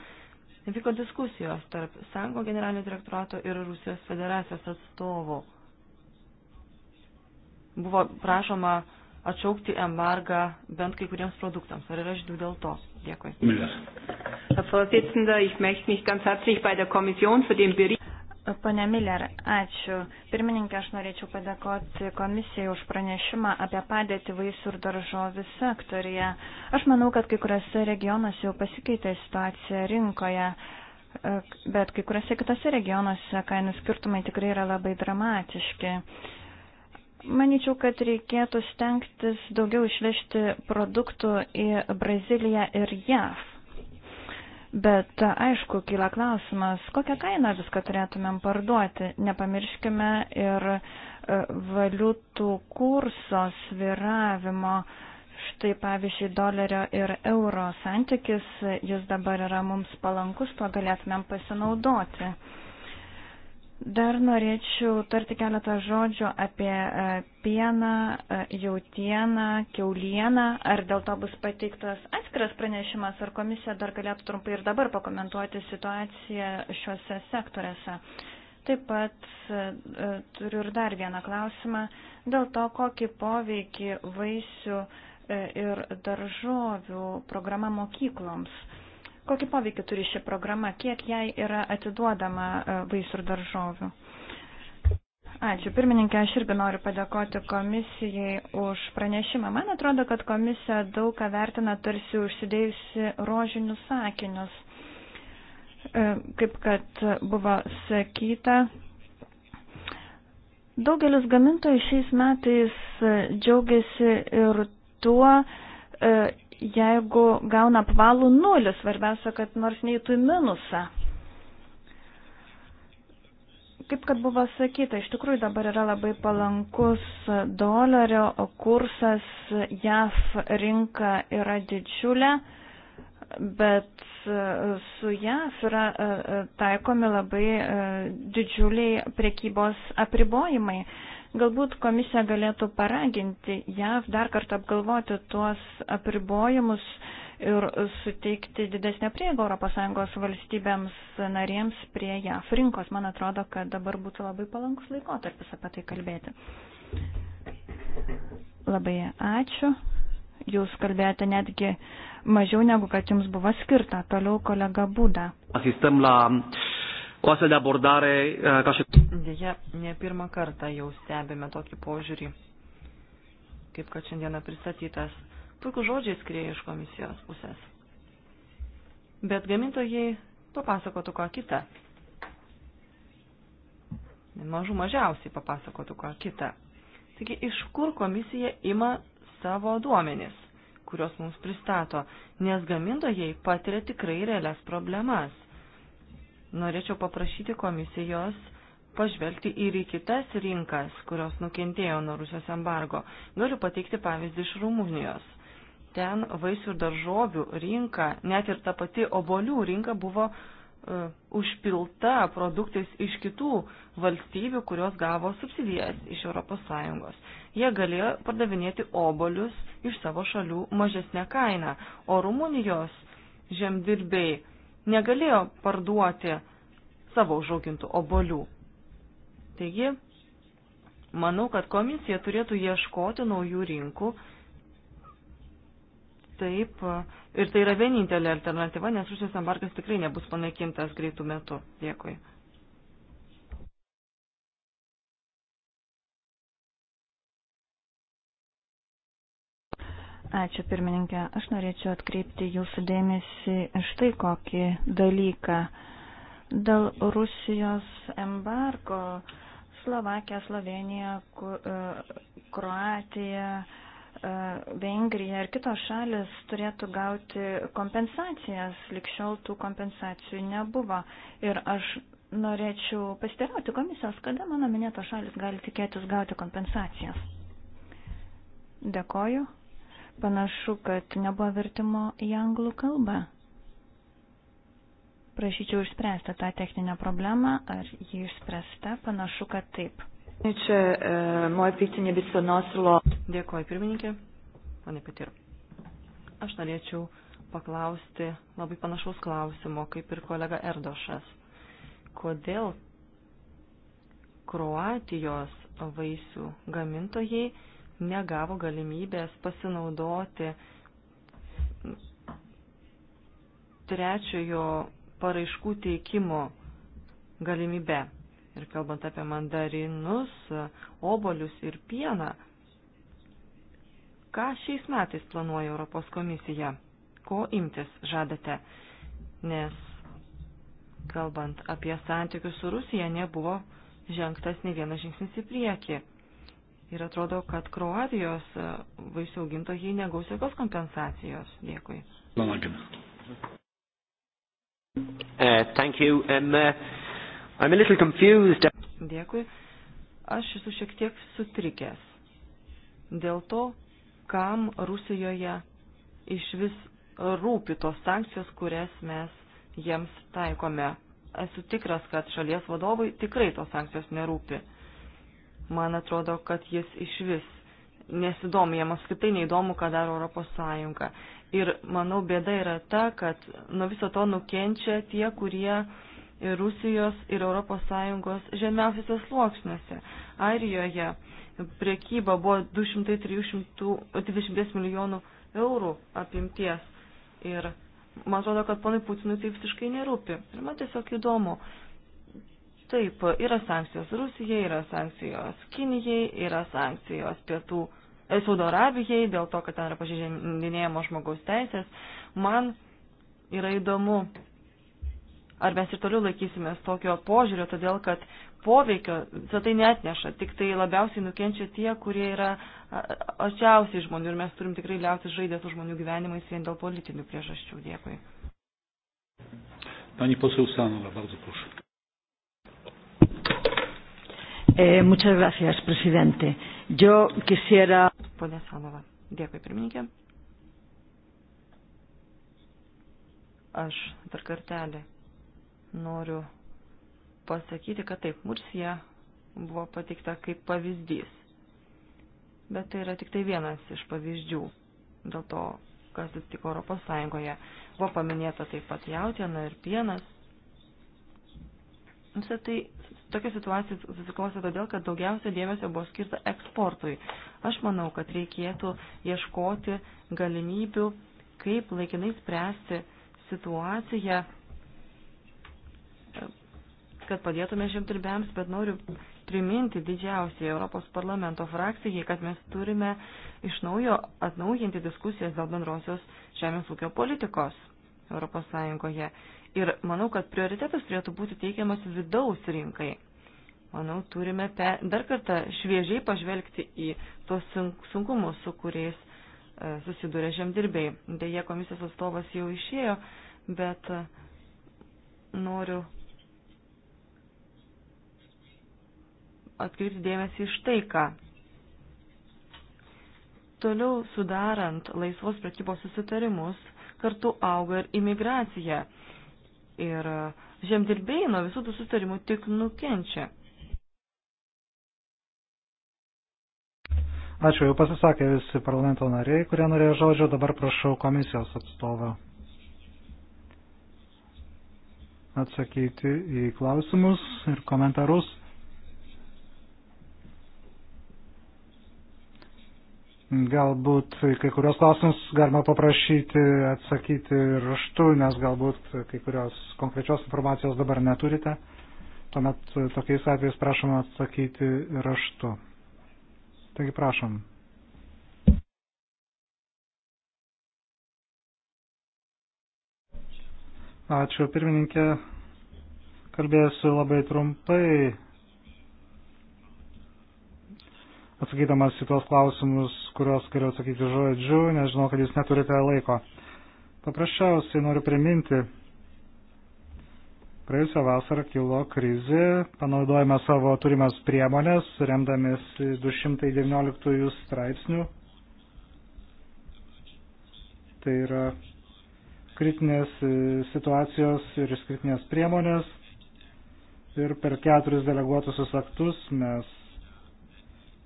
vyko diskusijos tarp Sango generalinio direktorato ir Rusijos federacijos atstovų buvo prašoma atšaukti embargą bent kai kuriems produktams. Ar yra žinių dėl to? Dėkui. Pane Miller, ačiū. Pirmininkė, aš norėčiau padėkoti komisijai už pranešimą apie padėtį vaisių ir daržovių sektorija. Aš manau, kad kai kuriuose regionuose jau pasikeitė situacija rinkoje, bet kai kuriuose kitose regionuose kainų skirtumai tikrai yra labai dramatiški. Maničiau, kad reikėtų stengtis daugiau išvežti produktų į Braziliją ir JAV. Bet aišku, kyla klausimas, kokią kainą viską turėtumėm parduoti. Nepamirškime ir e, valiutų kurso sviravimo. Štai pavyzdžiui, dolerio ir euro santykis, jis dabar yra mums palankus, tuo galėtumėm pasinaudoti. Dar norėčiau tarti keletą žodžių apie e, pieną, e, jautieną, keulieną. Ar dėl to bus pateiktas atskiras pranešimas, ar komisija dar galėtų trumpai ir dabar pakomentuoti situaciją šiuose sektoriuose? Taip pat e, turiu ir dar vieną klausimą dėl to, kokį poveikį vaisių ir daržovių programa mokykloms Kokį poveikį turi ši programa, kiek jai yra atiduodama e, vaisių ir daržovių? Ačiū, pirmininkė, aš irgi noriu padėkoti komisijai už pranešimą. Man atrodo, kad komisija daug ką vertina tarsi užsidėjusi rožinius sakinius. E, kaip kad buvo sakyta, daugelis gamintojų šiais metais džiaugiasi ir tuo, e, jeigu gauna apvalų nulį, svarbiausia, kad nors neįtų į minusą. Kaip kad buvo sakyta, iš tikrųjų dabar yra labai palankus dolerio kursas, JAF rinka yra didžiulė, bet su JAF yra e, e, taikomi labai e, didžiuliai prekybos apribojimai. Galbūt komisija galėtų paraginti JAV dar kartą apgalvoti tuos apribojimus ir suteikti didesnę prieigą ES valstybėms narėms prie JAV rinkos. Man atrodo, kad dabar būtų labai palankus laikotarpis apie tai kalbėti. Labai ačiū. Jūs kalbėjote netgi mažiau negu kad jums buvo skirta. Toliau kolega Būda. Asistăm la uh, o astfel de abordare e, ca și... Deja, e ne pirmą kartą jau stebime tokį požiūrį, kaip kad šiandieną pristatytas. Puikų žodžiai skrieja iš komisijos pusės. Bet gamintojai papasakotų ką kitą. Mažų mažiausiai papasakotų ką kitą. Taigi, iš kur komisija ima savo duomenis, kurios mums pristato, nes gamintojai patiria tikrai realias problemas. Norėčiau paprašyti komisijos pažvelgti ir į kitas rinkas, kurios nukentėjo nuo Rusijos embargo. Galiu pateikti pavyzdį iš Rumunijos. Ten vaisių ir daržovių rinka, net ir ta pati obolių rinka buvo uh, užpilta produktais iš kitų valstybių, kurios gavo subsidijas iš ES. Jie galėjo pardavinėti obolius iš savo šalių mažesnę kainą, o Rumunijos žemdirbiai negalėjo parduoti savo užaugintų obolių. Taigi, manau, kad komisija turėtų ieškoti naujų rinkų. Taip, ir tai yra vienintelė alternatyva, nes užsienio embargas tikrai nebus panaikintas greitų metų. Dėkui. Ačiū pirmininkė. Aš norėčiau atkreipti jūsų dėmesį iš tai kokį dalyką. Dėl Rusijos embargo Slovakija, Slovenija, e, Kroatija, e, Vengrija ir kitos šalis turėtų gauti kompensacijas, likščiau tų kompensacijų nebuvo. Ir aš norėčiau pasitirauti komisijos, kada mano minėtos šalis gali tikėtis gauti kompensacijas. Dėkoju. Panašu, kad nebuvo vertimo į anglų kalbą. Prašyčiau išspręsti tą techninę problemą, ar ji išspręsta, panašu, kad taip. Čia e, moje piktinė bi se odnosilo. Dėkoju, pirmininkė. Pane Petir. Aš norėčiau paklausti labai panašaus klausimo, kaip ir kolega Erdošas. Kodėl Kroatijos vaisių gamintojai negavo galimybės pasinaudoti trečiojo paraiškų teikimo galimybę. Ir kalbant apie mandarinus, obolius ir pieną, ką šiais metais planuoja Europos komisija, ko imtis žadate, nes kalbant apie santykius su Rusija nebuvo žengtas ne vienas žingsnis į priekį. Ir atrodo, kad Kroatijos e, vaisių augintojai negaus jokios kompensacijos. Dėkui. Lanakin. Uh, thank you. Um, uh, I'm a little confused. Dėkui. Aš esu šiek tiek sutrikęs dėl to, kam Rusijoje iš vis rūpi tos sankcijos, kurias mes jiems taikome. Esu tikras, kad šalies vadovui tikrai tos sankcijos nerūpi man atrodo, kad jis iš vis nesidomi, jam apskritai neįdomu, ką daro Europos Sąjunga. Ir manau, bėda yra ta, kad nuo viso to nukenčia tie, kurie Rusijos ir Europos Sąjungos žemiausiuose sluoksniuose. Airijoje priekyba buvo 200-320 milijonų eurų apimties. Ir man atrodo, kad ponui Putinui tai visiškai nerūpi. Ir man tiesiog įdomu, Taip, yra sankcijos Rusijai, yra sankcijos Kinijai, yra sankcijos Pietų e, Saudo Arabijai dėl to, kad ten yra pažeidinėjamos žmogaus teisės. Man yra įdomu, ar mes ir toliau laikysimės tokio požiūrio, todėl kad poveikio visą tai netneša, tik tai labiausiai nukenčia tie, kurie yra arčiausiai žmonių ir mes turim tikrai liauti žaidęs su žmonių gyvenimais vien dėl politinių priežasčių. Dėkui. Pani poseł Sanowa, bardzo proszę. E, muchas gracias, presidente. Yo quisiera. Pone Sanova. Dėkui, pirmininkė. Aš dar kartelį noriu pasakyti, kad taip, Mursija buvo patikta kaip pavyzdys. Bet tai yra tik tai vienas iš pavyzdžių dėl to, kas atsitiko Europos Sąjungoje. Buvo paminėta taip pat jautiena ir pienas. Visą tai tokia situacija susiklostė todėl, kad daugiausia dėmesio buvo skirta eksportui. Aš manau, kad reikėtų ieškoti galimybių, kaip laikinai spręsti situaciją, kad padėtume žemdirbėms, bet noriu priminti didžiausiai Europos parlamento frakcijai, kad mes turime iš naujo atnaujinti diskusijas dėl bendrosios žemės ūkio politikos Europos Sąjungoje. Ir manau, kad prioritetas turėtų būti teikiamas vidaus rinkai. Manau, turime pe, dar kartą šviežiai pažvelgti į tuos sunkumus, su kuriais e, susiduria žemdirbiai. Deja, komisijos atstovas jau išėjo, bet e, noriu atkreipti dėmesį iš tai, ką. Toliau sudarant laisvos prekybos susitarimus, kartu auga ir imigracija. E, Ir e, žemdirbiai nuo visų tų sutarimų tik nukenčia. Ačiū, jau pasisakė visi parlamento nariai, kurie norėjo žodžio, dabar prašau komisijos atstovą atsakyti į klausimus ir komentarus. Galbūt kai kurios klausimus galima paprašyti atsakyti raštu, nes galbūt kai kurios konkrečios informacijos dabar neturite. Tuomet tokiais atvejais prašoma atsakyti raštu. Taigi prašom. Ačiū pirmininkė. Kalbėsiu labai trumpai, atsakydamas į tuos klausimus, kuriuos galiu atsakyti žodžiu, nes žinau, kad jūs neturite laiko. Paprasčiausiai noriu priminti, praėjusią vasarą kilo krizė, panaudojame savo turimas priemonės, remdamės 219 straipsnių. Tai yra kritinės e, situacijos ir išskirtinės priemonės. Ir per keturis deleguotusius aktus mes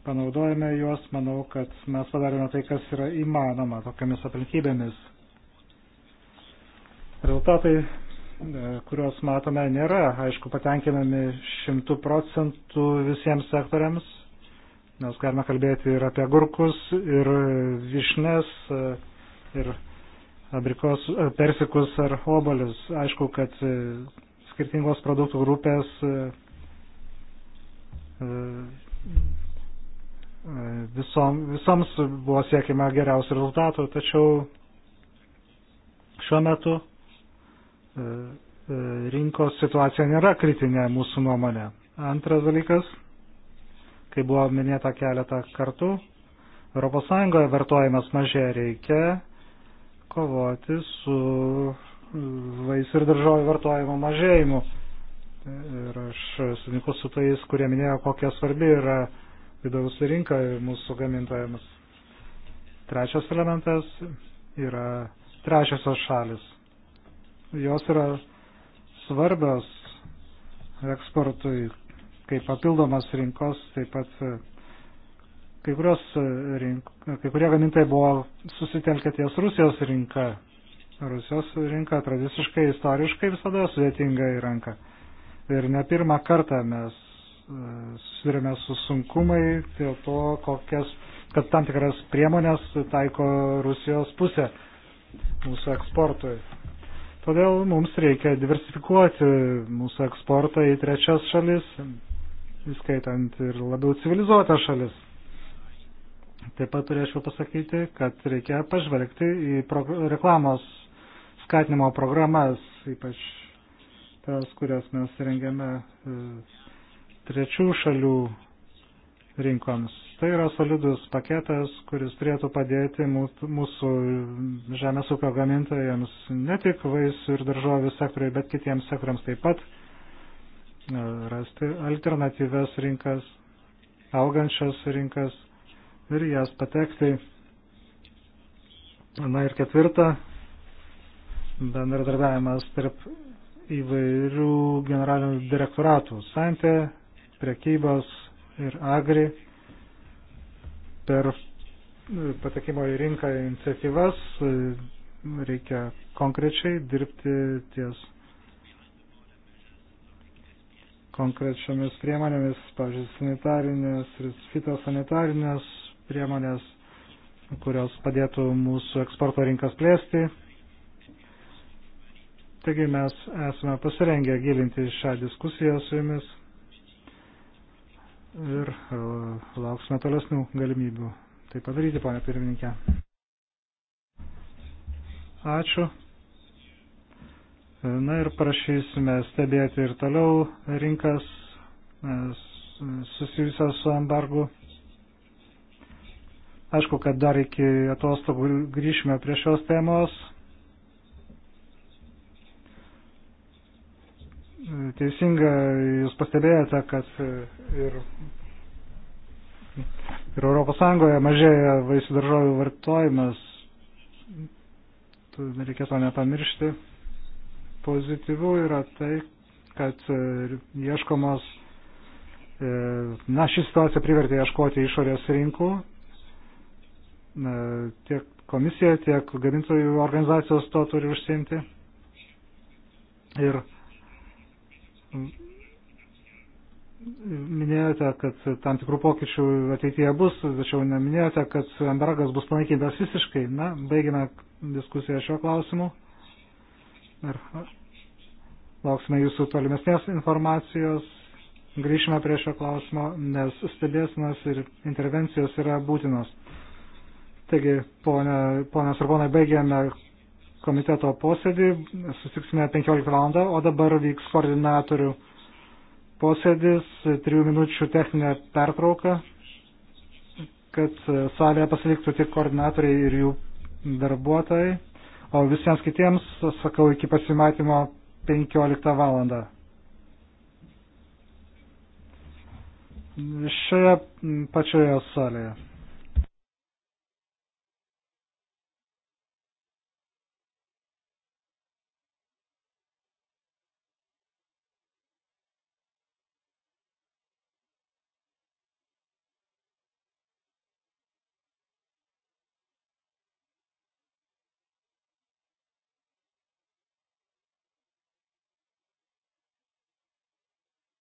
panaudojame juos, manau, kad mes padarėme tai, kas yra įmanoma tokiamis aplinkybėmis. Rezultatai, e, kuriuos matome, nėra, aišku, patenkinami šimtų procentų visiems sektoriams. Mes galime kalbėti ir apie gurkus, ir višnes, e, ir abrikos, e, persikus ar obolius. Aišku, kad skirtingos produktų grupės visom, visoms buvo siekima geriausių rezultatų, tačiau šiuo metu e, e, rinkos situacija nėra kritinė mūsų nuomonė. Antras dalykas, kai buvo minėta keletą kartų, ES vartojimas mažėja, reikia kovoti su e, vaisių ir daržovių vartojimo mažėjimu. Ir aš sutinku su tais, kurie minėjo, kokia svarbi yra vidaus rinką ir mūsų gamintojams. Trečias elementas yra trečiosios šalis. Jos yra svarbios eksportui kaip papildomas rinkos, taip pat kai, kurios rink, kai kurie gamintojai buvo susitelkę ties Rusijos rinka. Rusijos rinka tradiciškai, istoriškai visada sudėtinga į ranką. Ir ne pirmą kartą mes susidurime su sunkumai dėl to, kokias, kad tam tikras priemonės taiko Rusijos pusė mūsų eksportui. Todėl mums reikia diversifikuoti mūsų eksportą į trečias šalis, įskaitant ir labiau civilizuotas šalis. Taip pat turėčiau pasakyti, kad reikia pažvelgti į pro, reklamos skatinimo programas, ypač tas, kurias mes rengiame e, trečių šalių rinkoms. Tai yra solidus paketas, kuris turėtų padėti mūsų žemės ūkio gamintojams, ne tik vaisių ir daržovių sektoriui, bet kitiems sektoriams taip pat e, rasti alternatyves rinkas, augančias rinkas ir jas patekti. Na ir ketvirta, bendradarbiavimas tarp įvairių generalinių direktoratų. Santė prekybos ir agri per e, patekimo į rinką iniciatyvas e, reikia konkrečiai dirbti ties konkrečiomis priemonėmis, pavyzdžiui, sanitarinės ir fitosanitarinės priemonės, kurios padėtų mūsų eksporto rinkas plėsti. Taigi mes esame pasirengę gilinti šią diskusiją su jumis ir e, lauksime tolesnių galimybių tai padaryti, ponia pirmininkė. Ačiū. E, na ir prašysime stebėti ir toliau rinkas e, susijusios su embargu. Aišku, kad dar iki atostogų grįšime prie šios temos. teisinga, jūs pastebėjote, kad ir, ir Europos Sąjungoje mažėja vaisių daržovių vartojimas. Reikėtų nepamiršti. Pozityvų yra tai, kad ieškomos, e, na, ši situacija privertė ieškoti išorės rinkų. Tiek komisija, tiek gamintojų organizacijos to turi užsimti. Ir uh, minėjote, kad tam tikrų pokyčių ateityje bus, tačiau neminėjote, kad embargas bus panaikintas visiškai. Na, baigime diskusiją šiuo klausimu. Ir lauksime jūsų tolimesnės informacijos. Grįšime prie šio klausimo, nes stebėsinas ir intervencijos yra būtinos. Taigi, ponė, ponės ir ponai, baigėme komiteto posėdį, susitiksime 15 val. o dabar vyks koordinatorių posėdis, 3 minučių techninė pertrauka, kad salėje pasiliktų tik koordinatoriai ir jų darbuotojai, o visiems kitiems, sakau, iki pasimatymo 15 val. Šioje pačioje salėje.